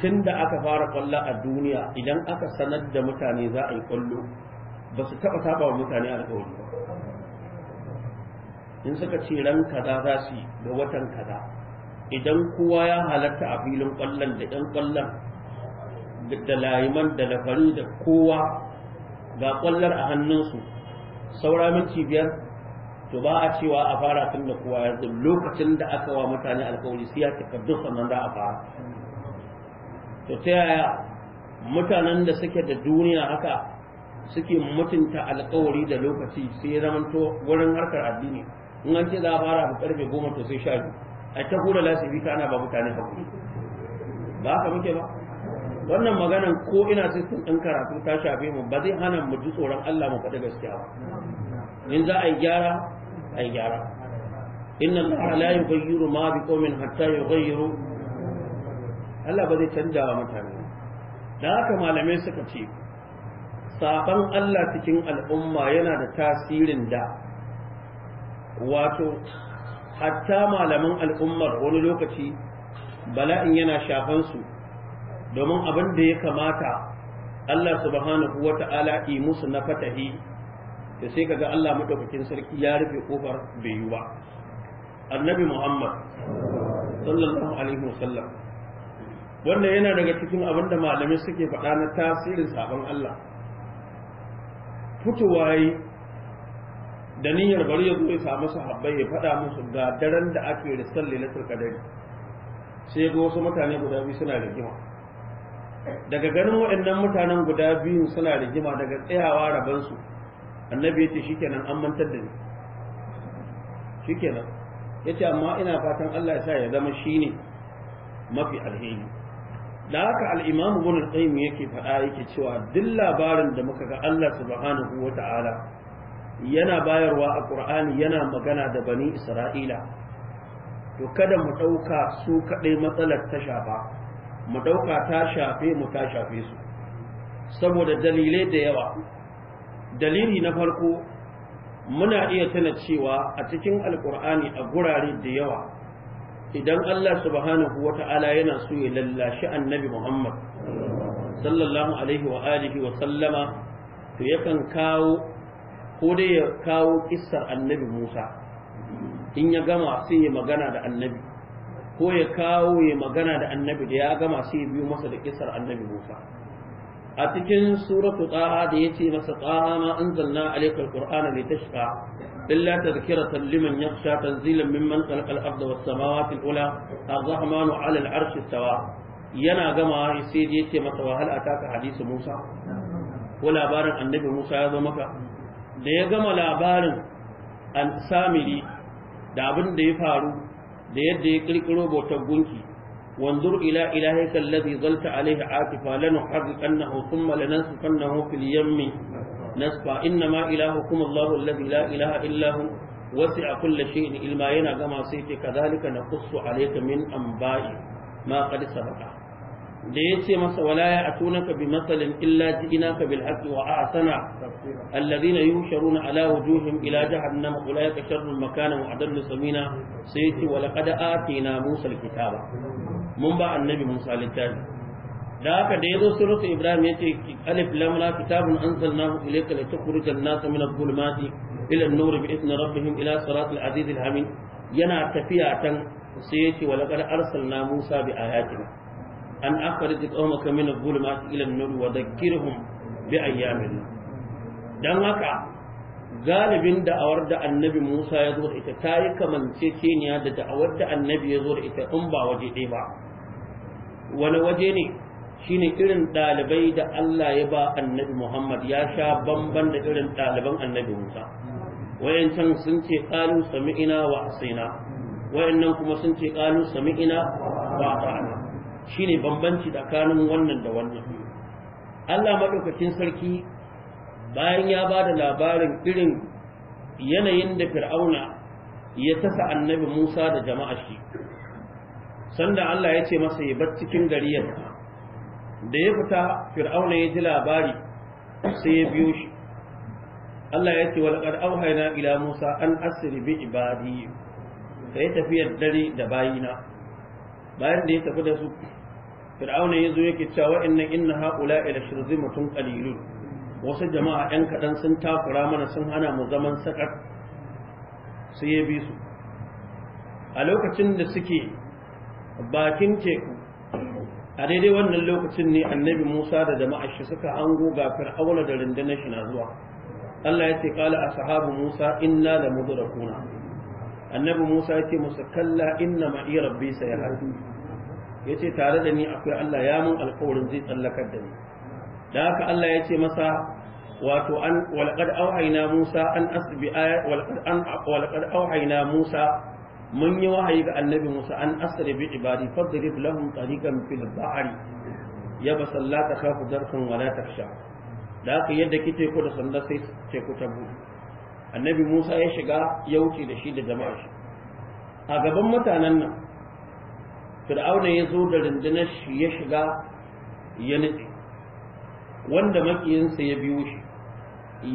tun da aka fara kwallo a duniya idan aka sanar da mutane za a yi kwallo ba su taɓa saba wa mutane alkawari ba in suka ce ran kaza za su yi ga watan kaza idan kowa ya halatta a filin kwallon da ɗan kwallon da layiman da lafari da kowa ga kwallar a hannunsu saura minti biyar to ba a cewa a fara tun da kowa ya lokacin da aka wa mutane alkawari sai ya takardu sannan za a fara to ta yaya mutanen da suke da duniya haka suke mutunta alkawari da lokaci sai ya to wurin harkar addini in an ce za a fara abu karfe goma to sai sha biyu a ta hura lasibi ta ana ba mutane hakuri ba haka muke ba wannan maganan ko ina sistin ɗin karatu ta shafe mu ba zai hana mu ji tsoron Allah mu faɗi gaskiya ba in za a yi gyara a yi gyara inna Allah la yughayyiru ma bi qaumin hatta Allah ba zai canja wa mutane da haka malamai suka ce saban Allah cikin al'umma yana da tasirin da wato hatta malaman al'ummar wani lokaci bala'in yana shafan su domin abin da ya kamata Allah subhanahu wa ta'ala yi musu na fatahi da sai kaga Allah madaukakin sarki ya rufe kofar bai yi ba annabi Muhammad sallallahu alaihi wasallam wanda yana daga cikin abin da malamai suke faɗa na tasirin sabon Allah fitowa yi da niyyar bari ya zuwa ya samu sahabbai ya faɗa musu ga daren da ake risar na turkadari sai ga wasu mutane guda biyu suna rigima daga ganin waɗannan mutanen guda biyu suna rigima daga tsayawa rabansu annabi ya ce shikenan an mantar da ni shikenan ya ce amma ina fatan Allah ya sa ya zama shine mafi alheri da haka al'imamu al qayyim yake faɗa yake cewa duk labarin da muka ga Allah subhanahu wa ta'ala yana bayarwa a Qur'ani yana magana da bani Isra'ila to kada mu ɗauka su kaɗai matsalar ta shafa mu ɗauka ta shafe mu ta shafe su saboda dalilai da yawa dalili na farko muna iya tana cewa a cikin alƙur'ani a gurare da yawa idan Allah subhanahu wa ta'ala yana so ya lallashi annabi Muhammad sallallahu alaihi wa alihi wa sallama to yakan kawo ko dai ya kawo kissar annabi Musa in ya gama sai ya magana da annabi ko ya kawo ya magana da annabi da ya gama sai ya biyo masa da kissar annabi Musa a cikin suratu taha da yace masa taha ma anzalna alaikal qur'ana litashqa إلا تذكرة لمن يخشى تنزيلا ممن خلق الأرض والسماوات الأولى الرحمن على العرش استوى yana gama sai ya ce masa wahal taka hadisi Musa ko labarin annabi Musa ya zo maka da ya gama labarin an samiri da abin da ya faru da yadda ya kirkiro bautar gunki wanzur ila ilahika allazi zalta alaihi atifa lanu hadiqannahu thumma lanasfannahu fil yammi nasfa innama ilahukum Allahu alladhi la ilaha illa hu wasi'a kulli shay'in ilma yana gama sai ce kadhalika naqussu alayka min anba'i ma qad sabaqa da yace masa wala ya atunaka bi masalin illa ji'inaka bil haqqi wa ahsana alladhina yusharuna ala wujuhihim ila jahannam ulaika sharrul makana wa adallu samina sai yace wa laqad atina musa al mun ba annabi musa littafi da haka da ya yazo suratu ibrahim ya yace alif kitabun lam la kitabun anzalnahu ilayka litukhrijan nasa min adh-dhulumati ila an-nur bi idni rabbihim ila siratil azizil hamid yana tafiya tan sai yace wa laqad arsalna musa bi ayatina an akhrij qaumaka min adh-dhulumati ila an-nur wa dhakkirhum bi ayyamin dan haka galibin da'awar da annabi Musa ya zo da ita ta yi kamanceceniya da da'awar da annabi ya zo da ita in ba waje ɗaya ba wani waje ne shine irin ɗalibai da Allah ya ba annabi Muhammad ya sha bamban da irin ɗaliban annabi Musa wayancan sun ce qalu sami'ina wa asaina wayannan kuma sun ce qalu sami'ina wa ata'ana shine bambanci tsakanin wannan da wannan Allah madaukakin sarki bayan ya ba da labarin irin yanayin da fir'auna ya tasa annabi Musa da jama'a shi sanda Allah ya ce masa ya bar cikin gariyar da ya fita fir'auna ya ji labari sai ya biyo shi Allah ya ce walaqad auhayna ila Musa an asri bi ibadi sai ya tafi dare da bayina bayan da ya tafi da su fir'auna ya zo yake cewa inna inna haula ila shirzimatun qalilun wasu jama'a yan kaɗan sun takura mana sun hana mu zaman sakar sai ya bi su a lokacin da suke bakin teku a daidai wannan lokacin ne annabi musa da jama'ar shi suka hango ga fir'auna da rundunar shi na zuwa Allah ya ce kala ashabu Musa inna la mudrakuna annabi Musa ya ce musa kalla inna iya rabbi Ya ce tare da ni akwai Allah ya mun alƙawarin zai tsallakar da ni Da haka Allah ya ce masa wato an walqad auhayna Musa an asbi ayat walqad an Musa mun yi wahayi ga annabi Musa an asra bi ibadi fadrib lahum tariqan fil ba'ri ya basalla ta darkan wala taksha da haka yadda kike ku da sanda sai ce ku tabu annabi Musa ya shiga ya wuce da shi da jama'a shi a gaban mutanen nan Fir'auna ya zo da rundunar shi ya shiga ya nutse wanda makiyinsa ya biyo shi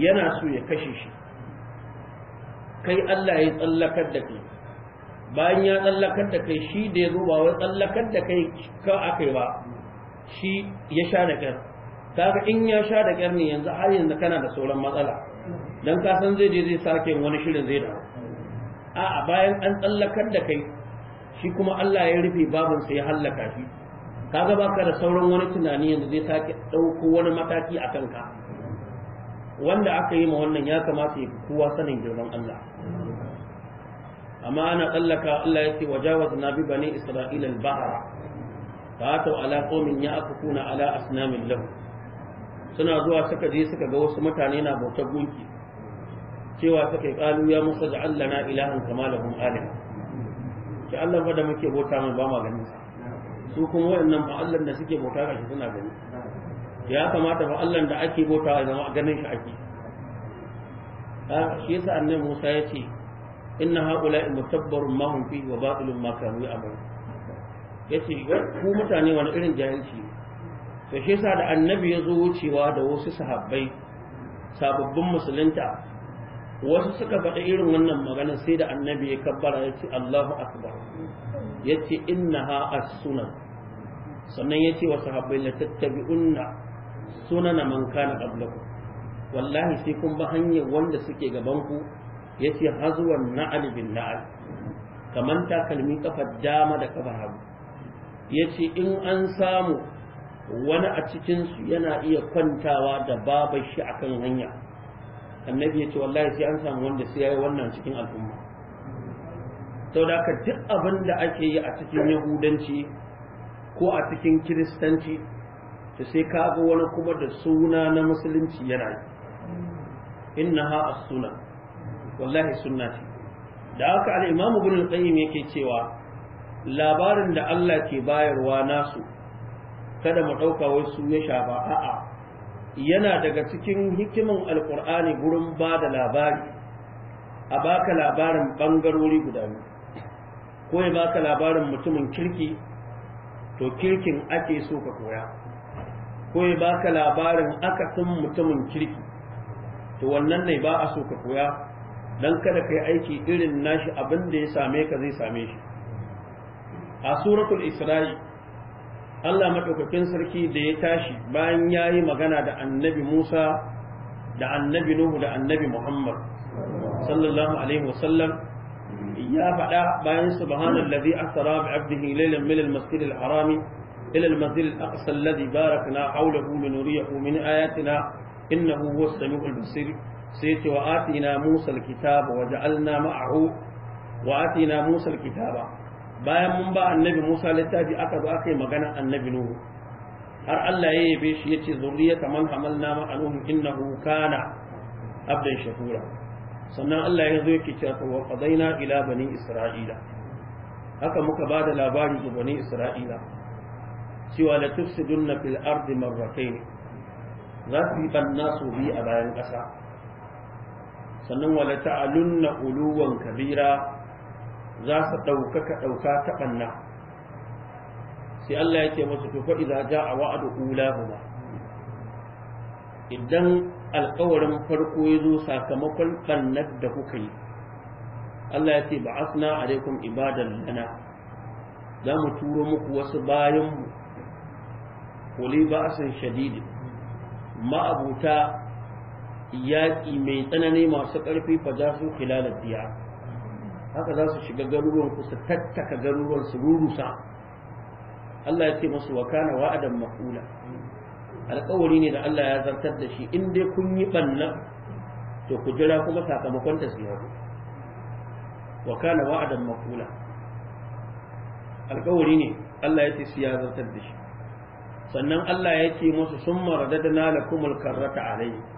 yana so ya kashe shi kai Allah ya tsallakar da kai bayan ya tsallakar da kai shi da ya zo ba wai tsallakar da kai ka yi ba shi ya sha da kyar kaga in ya sha da kyar ne yanzu har yanzu kana da sauran matsala dan ka san zai je zai sake wani shirin zai dawo a'a bayan an tsallakar da kai shi kuma Allah ya rufe babin sai ya hallaka shi kaga baka da sauran wani tunani yanzu zai sake dauko wani mataki a kanka wanda aka yi ma wannan ya kamata ya kowa sanin girman Allah amma ana tsallaka Allah ya ce wajawaz na bi bani isra'ila al-bahr fa ta ala qaumin ya'kufuna ala asnamin lahu suna zuwa suka je suka ga wasu mutane na bautar gunki cewa suka yi kalu ya musa da Allah na ilahan kama da alim ki Allah fa da muke bauta mai ba ma ganin sa su kuma wayannan fa Allah da suke bauta ga shi suna gani ya kamata fa Allah da ake bauta ya zama ganin shi ake ah, shi yasa annabi Musa ya ce inna haƙula in ma hum fi wa batilun ma kanu Ya yace ku mutane wani irin jahilci to shi yasa da annabi ya zo wucewa da wasu sahabbai sababbin musulunta wasu suka faɗa irin wannan magana sai da annabi ya kabbara ya ce Allahu akbar ya ce ha as-sunan sannan ya ce wa sahabbai la tattabi'unna sunana man kana qablakum wallahi sai kun ba hanyar wanda suke gaban ku yace hazwan na'al bin na'al kaman takalmi kafar dama da kafar hagu yace in an samu wani a cikin su yana iya kwantawa da babar shi akan hanya annabi yace wallahi sai an samu wanda sai yayi wannan cikin al'umma saboda haka duk abin da ake yi a cikin yahudanci ko a cikin kiristanci to sai ka ga wani kuma da suna na musulunci yana yi innaha as-sunnah wallahi sunna ce da haka al-imamu ibn al-qayyim yake cewa labarin da Allah ke bayarwa nasu kada mu dauka wai su ya shafa a'a yana daga cikin hikimin alkur'ani gurin ba da labari a baka labarin bangarori guda biyu ko ya baka labarin mutumin kirki to kirkin ake so ka koya ko ya baka labarin akasin mutumin kirki to wannan ne ba a so ka koya dan kada yi aiki irin nashi abin da ya same ka zai same shi a suratul isra'i Allah madaukakin sarki da ya tashi bayan yayi magana da annabi Musa da annabi Nuhu da annabi Muhammad sallallahu alaihi wasallam ya faɗa bayan subhanallazi asra bi abdihi laylan min al-masjid al-haram ila al-masjid al-aqsa alladhi barakna hawlahu linuriyahu min ayatina innahu huwas samiul basir sai ce wa atina musa alkitaba wa ja'alna ma'ahu wa atina musa alkitaba bayan mun ba annabi musa littafi aka zo aka yi magana annabi nuhu har Allah ya yabe shi yace zurriyata man hamalna ma anuhu innahu kana abdan shakura sannan Allah ya zo yake cewa wa qadaina ila bani isra'ila haka muka ba da labari ga bani isra'ila cewa la tufsidunna fil ardi marratayn za su yi banna su bi a bayan ƙasa sannan wala ta'alunna uluwan kabira za su ɗaukaka ɗauka ta ɓanna sai Allah ya ce masu tufa idan ja a wa'adu ula huma idan alƙawarin farko ya zo sakamakon ɓannar da kuka yi Allah ya ce alaikum ibadan lana za mu turo muku wasu bayanmu kuli ba asin shadidi ma'abuta yaƙi mai tsanani masu ƙarfi fa za su khilalar diya haka za su shiga garuruwan ku su tattaka garuruwan su rurusa Allah ya ce masu wa kana wa'adan maqula alƙawari ne da Allah ya zartar da shi in dai kun yi ɓanna, to ku jira kuma sakamakon ta sai haɗu wa kana wa'adan maqula alƙawari ne Allah ya ce su ya zartar da shi sannan Allah ya ce masu sun maradadna lakumul karrata alayhi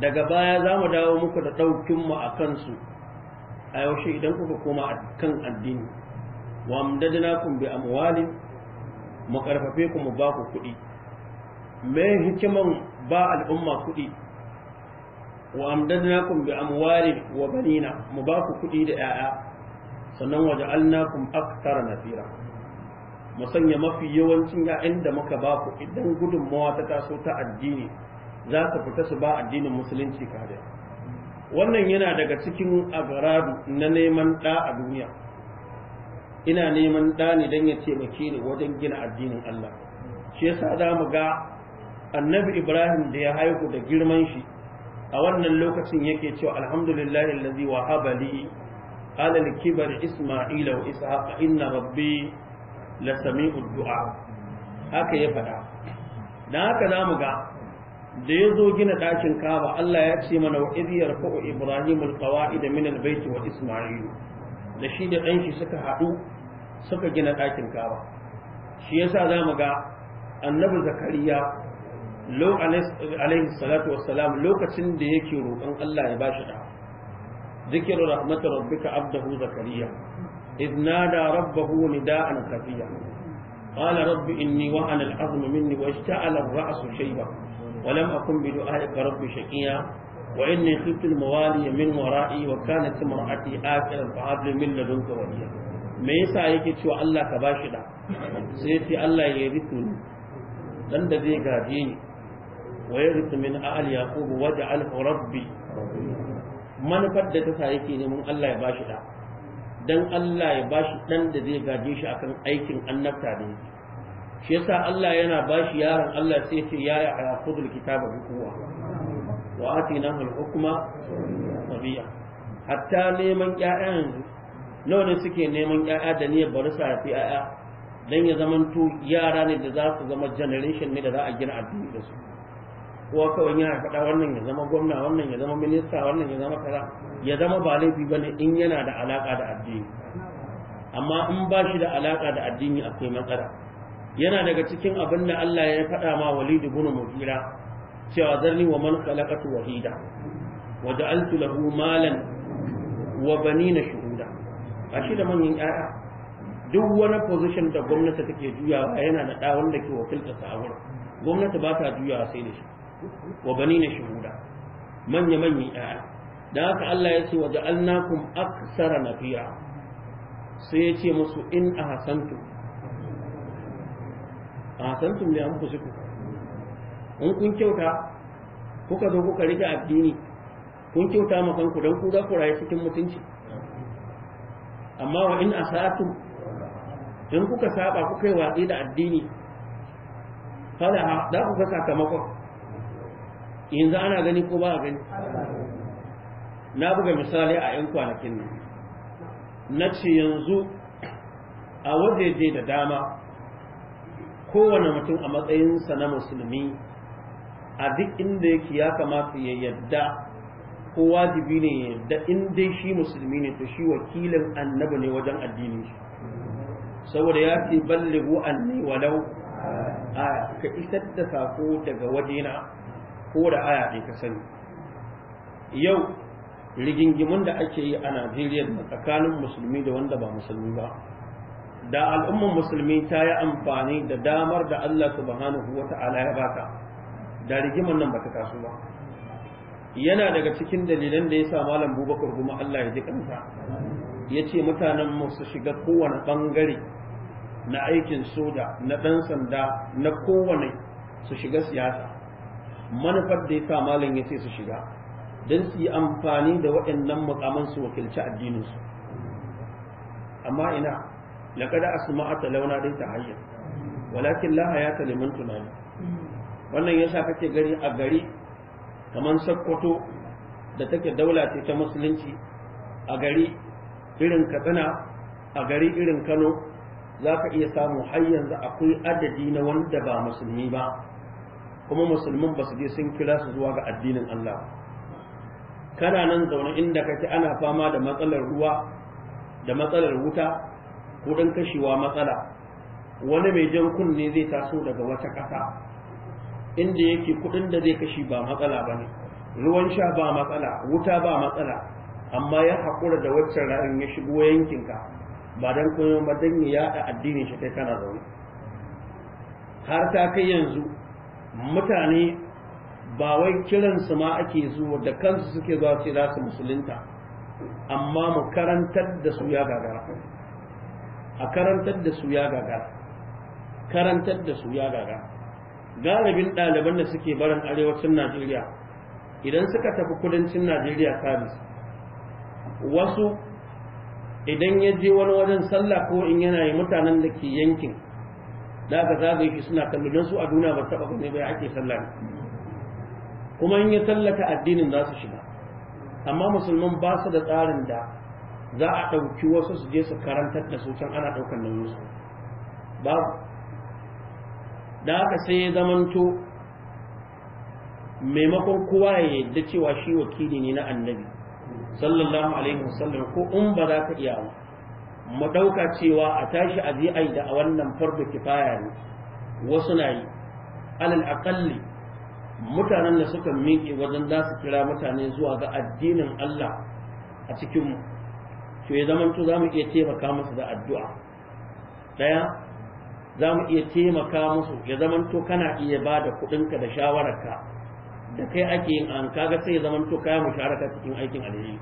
daga baya za mu dawo muku da ɗaukinmu a kansu a yaushe idan kuka koma kan addini wa amdadna kun bi amwalin mu karfafe ku mu ba ku kuɗi me hikiman ba al'umma kuɗi wa amdadnakum bi amwalin wa banina mu ba ku kuɗi da 'ya'ya sannan wa ja'alnakum aktsara nafira mu sanya mafi yawancin 'ya'yan da muka ba ku idan gudunmawa ta taso ta addini za su fita su ba addinin musulunci kariya wannan yana daga cikin agaradu na neman ɗa a duniya ina neman ɗa ne don ya taimake ni wajen gina addinin Allah shi yasa za mu ga annabi Ibrahim da ya haihu da girman shi a wannan lokacin yake cewa alhamdulillahi allazi wahaba li ala al-kibar isma'ila wa ishaqa inna rabbi la sami'ud du'a haka ya faɗa dan haka mu ga da ya zo gina ɗakin kaba Allah ya ce mana wa idh yarfa'u ibrahim alqawaid min albayt wa isma'il da shi da ɗanshi suka haɗu suka gina ɗakin kaba shi yasa zamu ga annabi zakariya lo alaihi salatu wassalam lokacin da yake roƙon Allah ya bashi da ذكر رحمة ربك عبده زكريا إذ نادى ربه نداء خفيا قال رب إني وأنا العظم مني واشتعل الرأس شيبا ولم أكن بدعائك رب شقيا وإني خفت الموالي من ورائي وكانت امرأتي آكلا فهب من لدنك وليا me yasa yake cewa Allah ka bashi da sai yace Allah ya ritu ni dan da zai gaje ni wa yaritu min al yaqub waj'al rabbi manufar da ta sa yake neman Allah ya bashi da dan Allah ya bashi dan da zai gaje shi akan aikin annabta da yake shi yasa Allah yana bashi yaron Allah sai ce ya ya yaqudul kitaba hukuma wa atinahu al-hukma sabiya hatta neman ƴaƴan yanzu nawa ne suke neman ƴaƴa da niyyar bari su haifi ƴaƴa dan ya zamanto yara ne da za su zama generation ne da za a gina addini da su kowa kawai yana faɗa wannan ya zama gwamna wannan ya zama minista wannan ya zama kaza ya zama ba laifi bane in yana da alaka da addini amma in ba shi da alaka da addini akwai matsala yana daga cikin abin da Allah ya faɗa ma Walid ibn Mughira cewa zarni wa man khalaqatu wahida wa ja'altu lahu malan wa banina shuhuda ashi da manyan ƴaƴa duk wani position da gwamnati take juyawa yana da ɗa wanda ke wakilta sa gwamnati ba ta juyawa sai da shi wa banina shuhuda manya manyan ƴaƴa da haka Allah ya ce wa ja'alnakum aksara nafira sai ya ce musu in ahsantum a hasantum li anfusikum in kun kyauta kuka zo kuka rike addini kun kyauta ma kanku dan ku da ku rayu cikin mutunci amma wa in asatum in kuka saba kuka yi watsi da addini fala da kuka sakamakon yanzu ana gani ko ba a gani na buga misali a 'yan kwanakin nan na ce yanzu a wajeje da dama kowane mutum a matsayinsa na musulmi a duk inda yake ya kamata ya yadda ko wajibi ne ya yadda in dai shi musulmi ne to shi wakilin annabi ne wajen addinin shi saboda ya ce ballighu anni walau aya ka isar da sako daga wajena ko da aya ɗaya ka sani yau rigingimin da ake yi a Najeriya tsakanin musulmi da wanda ba musulmi ba da al'ummar musulmi ta yi amfani da damar da Allah subhanahu wa ta'ala ya baka da rigimar nan bata kasu ba yana daga cikin dalilan da ya sa malam bubakar kuma Allah ya ji kanta ya ce mutanen mu su shiga kowane bangare na aikin soja na ɗan sanda na kowane su shiga siyasa manufar da ya sa malam ya ce su shiga don su yi amfani da waɗannan mukaman su wakilci addininsu amma ina لقد asma'ata launa dai ta ولكن walakin la لمن تنام tunani wannan yasa kake gari a gari kamar sakkwato da take daula ce ta musulunci a gari irin katsina a gari irin kano za ka iya samu har yanzu akwai adadi na wanda ba musulmi ba kuma musulmin ba su je sun kira su zuwa ga addinin Allah kana nan zaune inda kake ana fama da matsalar ruwa da matsalar wuta wurin kashewa matsala wani mai jan kunne zai taso daga wata ƙasa inda yake kuɗin da zai kashe ba matsala ba ne ruwan sha ba matsala wuta ba matsala amma ya haƙura da waccan ra'ayin ya shigo yankinka ba don kuma ba don ya yaɗa addinin shi kai kana zaune har ta kai yanzu mutane ba wai kiransu ma ake zuwa da kansu suke zuwa sai za su musulunta amma mu karantar da su ya gagara a karantar da su ya gaga karantar da su ya gaga galibin ɗaliban da suke barin arewacin najeriya idan suka tafi kudancin najeriya sabis wasu idan ya je wani wajen sallah ko in yana yi mutanen da ke yankin da aka zagaye shi suna kallon su a duniya ba taɓa kunne bai ake sallah kuma in ya tallata addinin za su shiga amma musulman ba su da tsarin da za a ɗauki wasu su je su karantar da su can ana ɗaukar nauyin su babu da haka sai zamanto maimakon kowa ya yadda cewa shi wakili ne na annabi sallallahu alaihi wasallam ko in ba za ka iya mu ɗauka cewa a tashi a je da a wannan farko kifaya ne wasu na yi alal aƙalli mutanen da suka miƙe wajen za su kira mutane zuwa ga addinin Allah a cikinmu to ya zama to zamu iya taimaka musu da addu'a daya zamu iya taimaka musu ya zama to kana iya ba da kuɗinka da shawararka da kai ake yin an kaga sai ya zama to kaya musharaka cikin aikin alheri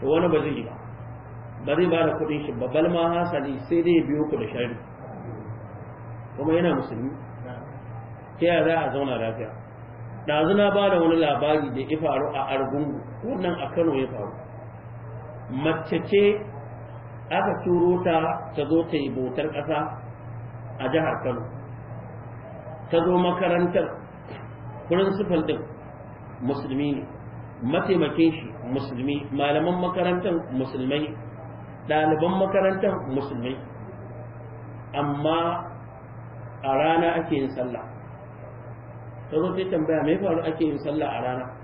to wani ba zai yi ba ba zai ba da kuɗin shi ba balma hasali sai dai biyo ku da shari kuma yana musulmi ta yaya za a zauna lafiya ɗazu na ba da wani labari da ya faru a argungu wannan a kano ya faru mace ce aka turo ta ta zo ta yi bautar ƙasa a jihar kano ta zo makarantar principal din musulmi ne mataimakin shi musulmi malaman makarantar musulmai ɗaliban makarantar musulmai amma a rana ake yin sallah ta zo yi tambaya mai faru ake yin sallah a rana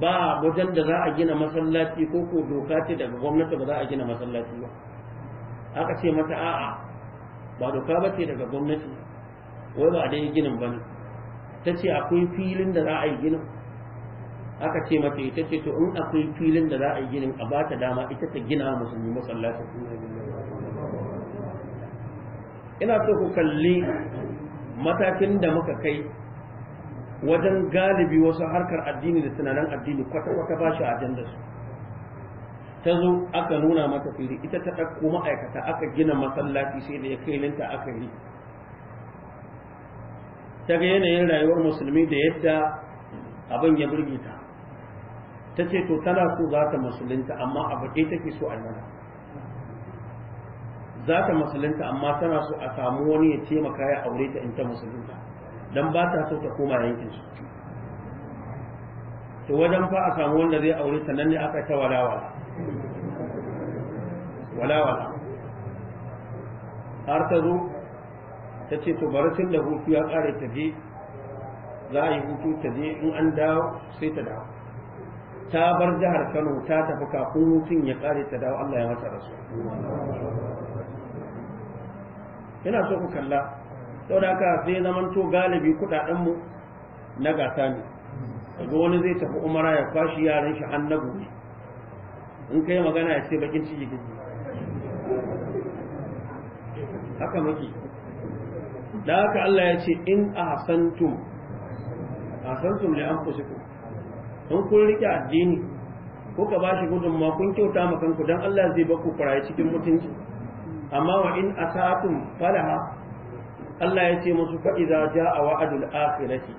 ba wajen da za a gina masallaci ko ko doka ce daga gwamnati ba za a gina masallaci ba aka ce mata a'a ba doka ba ce daga gwamnati wai ba dai ginin ba ne ta ce akwai filin da za a yi ginin aka ce mata ita ce to in akwai filin da za a yi ginin a ba ta dama ita ta gina musulmi masallacin ina so ku kalli matakin da muka kai wajen galibi wasu harkar addini da tunanin addini kwata-kwata ba shi da su ta zo aka nuna mata fili ita ta ɗauko ma'aikata aka gina masallaci sai da ya kai linta aka yi ta ga yanayin rayuwar musulmi da yadda abin ya birge ta ta ce to tana so za ta musulunta amma abu ɗaya take so a yana za ta musulunta amma tana so a samu wani ya taimaka ya aure ta in ta dan ba ta so ta koma yankin su to wajen fa a samu wanda zai aure ta nan ne aka ta walawala walawala har ta zo ta ce to bari tun da hutu ya kare ta je za a yi hutu ta je in an dawo sai ta dawo ta bar jihar Kano ta tafi kafin hutun ya kare ta dawo Allah ya mata rasu ina so ku kalla saboda haka sai zaman to galibi kudaden mu na gasa ne ga wani zai tafi umara ya kwashi yaran shi gobe in kai magana ya ce bakin ciki kike haka muke da haka Allah ya ce in ahsantum ahsantum li anfusikum in kun rike addini kuka ba shi gudun kun kyauta ma kanku dan Allah zai baku kuraye cikin mutunci amma wa in asatum falaha Allah ya ce musu fa'iza ja a wa'adul akhirati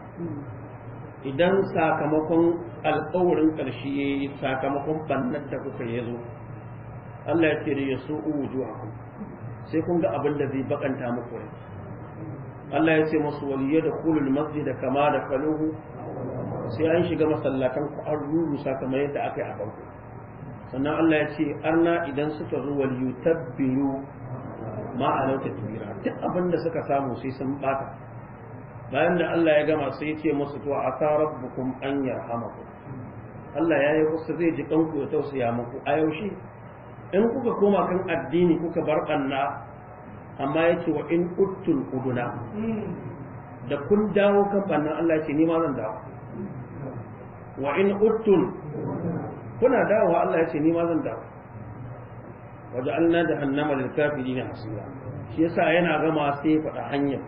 idan sakamakon alƙawarin ƙarshe ya yi sakamakon bannan da kuka ya zo Allah ya ce da ya so ku sai kun ga abin da zai bakanta muku rai Allah ya ce musu waliyya da kulul masjid da kama da kaluhu sai an shiga masallatan ku an ruru sakamakon yadda aka yi a farko sannan Allah ya ce arna idan suka zo wal yutabbiru ma duk abin da suka samu sai sun bata bayan da Allah ya gama sai ya ce musu to a ta rabbukum an yarhamaku Allah ya yi kusa zai ji kanku ya tausaya muku a yaushe in kuka koma kan addini kuka bar banna amma yake wa in uttul uduna da kun dawo kan bannan Allah ya ce ni ma zan dawo wa in uttul kuna dawo Allah ya ce ni ma zan dawo waja'alna jahannama lil kafirin hasira shi yasa yana gama sai ya faɗa hanyar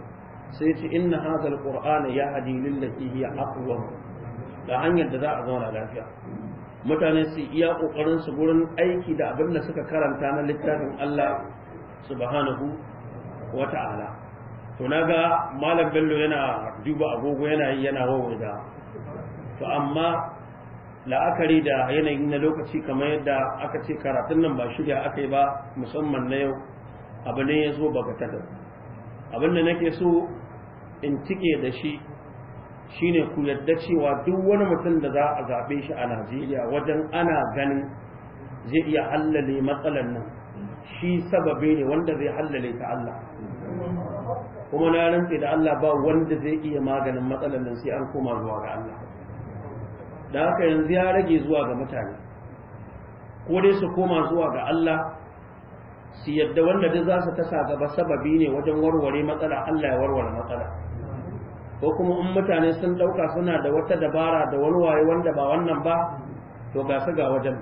sai ce inna hadha alqur'ana yahdi lil lati hiya aqwam da hanyar da za a zauna lafiya mutane su iya kokarin su gurin aiki da abin da suka karanta na littafin Allah subhanahu wa ta'ala to naga malam bello yana duba agogo yana yi yana wawaida to amma la'akari da yanayi na lokaci kamar yadda aka ce karatun nan ba shirya aka yi ba musamman na yau abu ne ya zo bagatakar abin da nake so in cike da shi shine ku yadda cewa duk wani mutum da za a zaɓe shi a najeriya wajen ana ganin zai iya hallale matsalan nan shi sababi ne wanda zai hallale ta allah kuma na rantse da allah ba wanda zai iya maganin matsalan nan sai an koma zuwa ga allah da haka yanzu ya rage zuwa ga mutane ko dai su koma zuwa ga Allah su yadda wanda duk za su tasa gaba sababi ne wajen warware matsala Allah ya warware matsala ko kuma in mutane sun dauka suna da wata dabara da warware wanda ba wannan ba to ga su ga wajen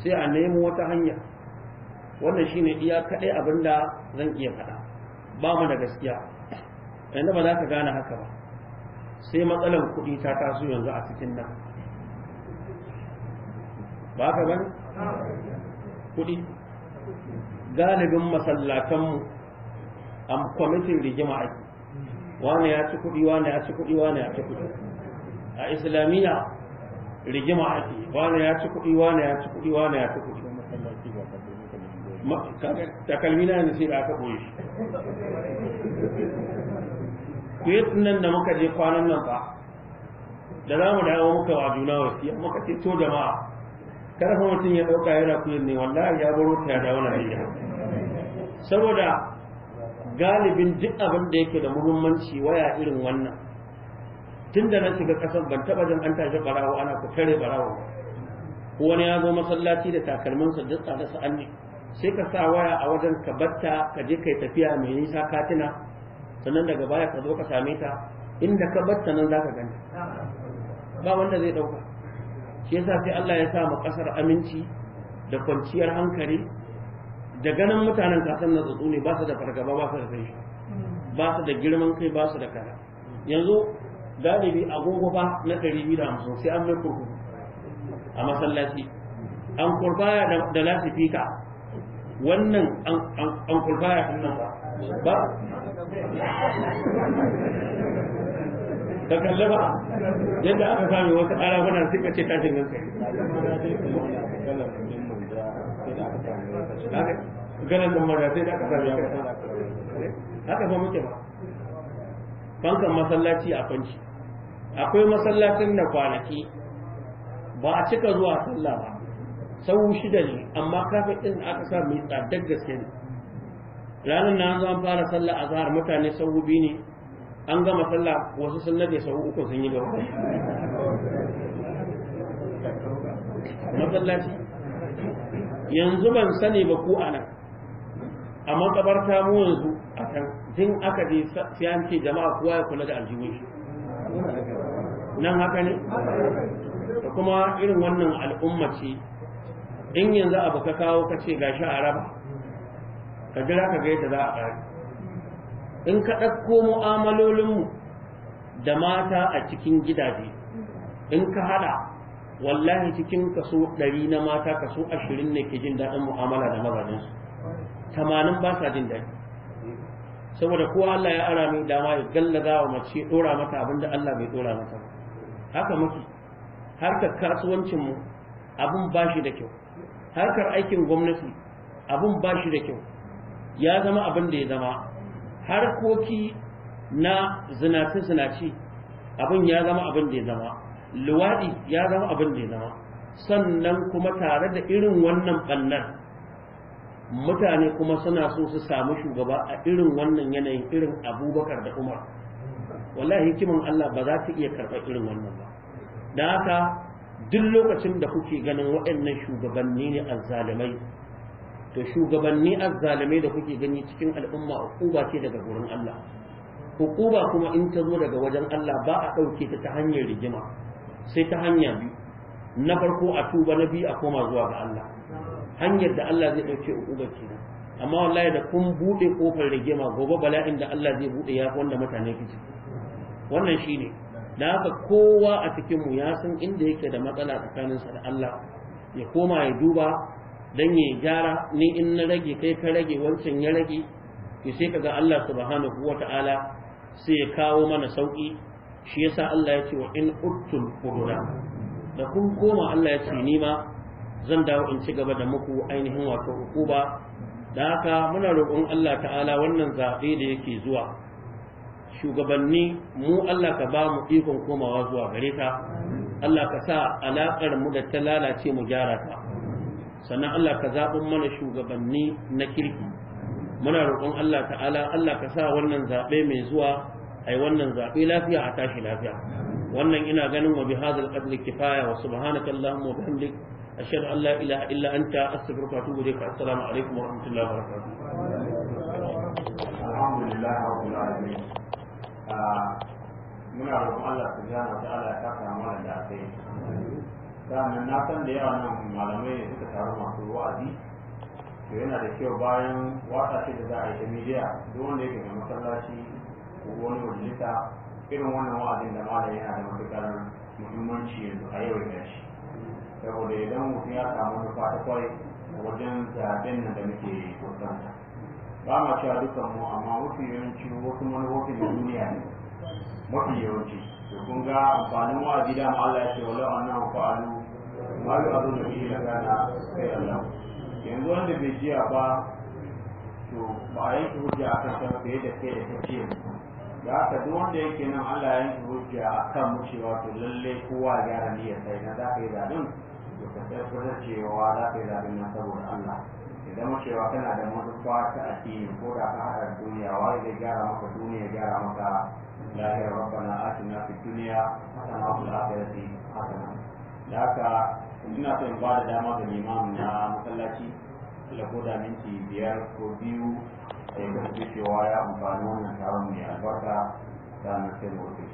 sai a nemo wata hanya wannan shine iya kadai abinda zan iya faɗa ba mu da gaskiya yanzu ba za ka gane haka ba sai matsalar kuɗi ta taso yanzu a cikin nan ba ka bane kuɗi galibin masallatanmu a kwamitin rigima ake wani ya ci kuɗi wani ya ci kuɗi wani ya ci kuɗi a islamiyya rigima ake wani ya ci kuɗi wani ya ci kuɗi wani ya ci kuɗi takalmina na sai da aka ɓoye shi kuwait nan da muka je kwanan nan fa da za mu dawo muka wa juna wasiya muka ce to jama'a kada fa mutum ya dauka yana kuyin ne wallahi ya baro ta ya dawo Najeriya saboda galibin duk abin da yake da muhimmanci waya irin wannan tun da na shiga kasar ban taba jin an tashi barawo ana ku kare barawo wani ya zo masallaci da takalminsa duk tsada sa'an ne sai ka sa waya a wajen ka batta ka je kai tafiya mai nisa katina sannan daga baya ka zo ka same ta inda ka batta nan za ka gani ba wanda zai dauka shi yasa sai Allah ya sa mu kasar aminci da kwanciyar hankali da ganin mutanen ka na tsotsu ne ba su da fargaba ba su da kai ba su da girman kai ba su da kara yanzu galibi agogo ba na 250 sai an mai kurku a masallaci an kurbaya da lasifika wannan an kurbaya din nan ba ka kalli ba yadda aka sami wasu arabunan suka ce tashin hankali ganin ɗan mara sai da aka sami haka fa muke ba bankan masallaci a kwanci akwai masallacin na kwanaki ba a cika zuwa sallah ba sau shida ne amma kafin ɗin aka sami mai tsadar gaske ne ranar na an fara sallah a zahar mutane sau biyu ne an gama sallah wasu sun nade sau uku sun yi gaba masallaci yanzu ban sani ba ku anan a makabarta mu yanzu a can aka je sai jama'a kowa ya kula da aljihun shi nan haka ne kuma irin wannan al'umma ce in yanzu abu ka kawo ka ce gashi a raba ka jira ka ga yadda za a ƙare in ka ɗauko mu'amalolinmu da mata a cikin gidaje in ka haɗa wallahi cikin kaso ɗari na mata kaso ashirin ne ke jin daɗin mu'amala da mazajensu tamanin ba sa jin daɗi saboda ko Allah ya ara mai dama ya gallaza wa mace ɗora mata abinda Allah bai ɗora mata ba haka muke harkar kasuwancinmu abin ba shi da kyau harkar aikin gwamnati abin ba shi da kyau ya zama abin da ya zama harkoki na zinace zinace abin ya zama abin da ya zama luwadi ya zama abin da ya zama sannan kuma tare da irin wannan bannan mutane kuma suna so su samu shugaba a irin wannan yanayin irin abubakar da umar wallahi hikimin Allah ba za ta iya karɓar irin wannan ba da haka duk lokacin da kuke ganin waɗannan shugabanni ne azzalimai to shugabanni azzalume da kuke gani cikin al'umma hukuba ce daga gurin Allah hukuba kuma in ta zo daga wajen Allah ba a ɗauke ta ta hanyar rigima sai ta hanya biyu na farko a tuba na biyu a koma zuwa ga Allah hanyar da Allah zai ɗauke hukumar kenan amma wallahi da kun buɗe kofar rigima gobe bala'in da Allah zai buɗe ya wanda mutane ke ciki wannan shine da haka kowa a cikin mu ya san inda yake da matsala tsakaninsa da Allah ya koma ya duba dan yi gyara ni in na rage kai ka rage wancan ya rage ki sai kaga Allah subhanahu wata'ala sai ya kawo mana sauki shi yasa Allah ya ce wa in uttul qurra da kun koma Allah ya ce ni ma zan dawo in ci gaba da muku ainihin wato ukuba da haka muna roƙon Allah ta'ala wannan zaɓe da yake zuwa shugabanni mu Allah ka ba mu ikon komawa zuwa gare ka Allah ka sa alaƙar mu da ta lalace mu gyara ta sannan Allah ka zaɓin mana shugabanni na kirki muna roƙon Allah ta'ala Allah ka sa wannan zaɓe mai zuwa a yi wannan zaɓe lafiya a tashi lafiya wannan ina ganin wa bihadhal qadri kifaya wa subhanaka allahumma wa bihamdik ashhadu an la ilaha illa anta astaghfiruka wa atubu ilaik assalamu alaikum wa rahmatullahi wa barakatuh alhamdulillah rabbil alamin ah, muna roƙon Allah subhanahu wa ta'ala ya saka mana da kai sannan na san da yawa nan malamai ne suka taru masu wa'azi to yana da kyau bayan watsa shi da za a yi ta midiya duk wanda yake da masallaci ko wani majalisa irin wannan wa'azin da malam yana da matuƙar muhimmanci yanzu a yau da shi saboda idan mutum ya samu nufa ta kwai wajen zaɓen nan da muke kusanta ba ma cewa dukan mu amma mafi yawanci wasu manufofin na duniya ne mafi yawanci to kun ga amfanin wa'azi da Allah ya ce wala annahu fa'alu malu abin da shi na gana sai Allah yanzu wanda bai ji a ba to ba a yanki hujja a kan sama fiye da kai da ta ce da haka duk wanda yake nan Allah ya yanki hujja a kan mu cewa to lalle kowa ya gyara ya sai na za ka yi zaɓen to ka tabbatar cewa za ka yi zaɓen na saboda Allah zama cewa kana da manufa ta addini ko da ka haɗa duniya wani zai gyara maka duniya gyara maka lahiyar rabbana atina fid dunya hasana wa fil akhirati hasana da haka ina so in ba da dama ga limamin na masallaci da ko da minti biyar ko biyu da ya kasance cewa ya amfani wannan taron mai albarka da na sai mu shi.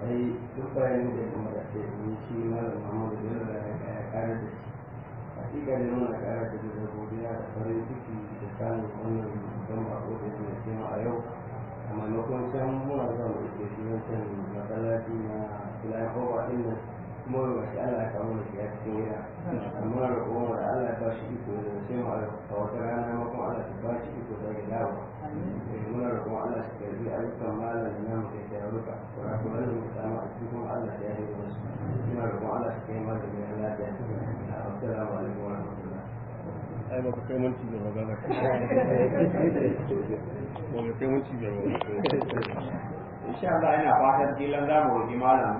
Ai, duk bayan da ya kuma da ce, ni shi malam Muhammadu ya kare da shi يكلمونك آية الربوبية farin ciki da samun wannan don ba ko da ke cewa a yau a maimakon can muna zuwa da ke shi wancan matsalaci na filayen kowa ɗin nan kuma ba shi Allah ya kawo shi ya cikin wuya amma da kuma da Allah ya ba shi iko da ce ma a wata rana ma kuma Allah ya ba shi iko da ya dawo muna da kuma Allah shi karbi ayyukan malam na mu kai taruka kuma kuma da mu samu a cikin Allah ya yi wasu muna da kuma Allah shi kai malam ya lafiya ai ba ka kai minti biyar ba ba kai minti biyar ba insha Allah ina fatan kilan za mu roki malam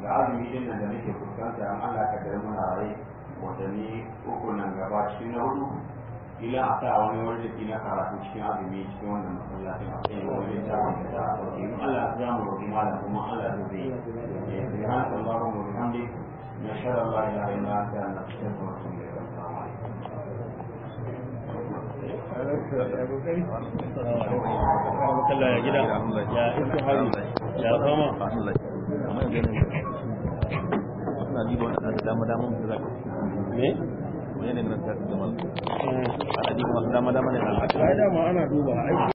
ga azumi din nan da muke fuskanta an Allah ka gari muna rai watanni uku nan gaba cikin na hudu kila a sa wani wani da kila karatu cikin azumi cikin wannan masallacin a cikin wani da ta Allah za mu roki malam kuma Allah zai yi. Subhanallahu wa bihamdihi نسأل الله العلي العافية أن نصرفه ونصرفه Assalamualaikum ya gida ya ita hari ya zama. Suna diba wani ɗan dama dama mutu zaka. Me? Wani ne na tafi da malu. Ana diba wasu dama dama ne na haka. Ai dama ana duba.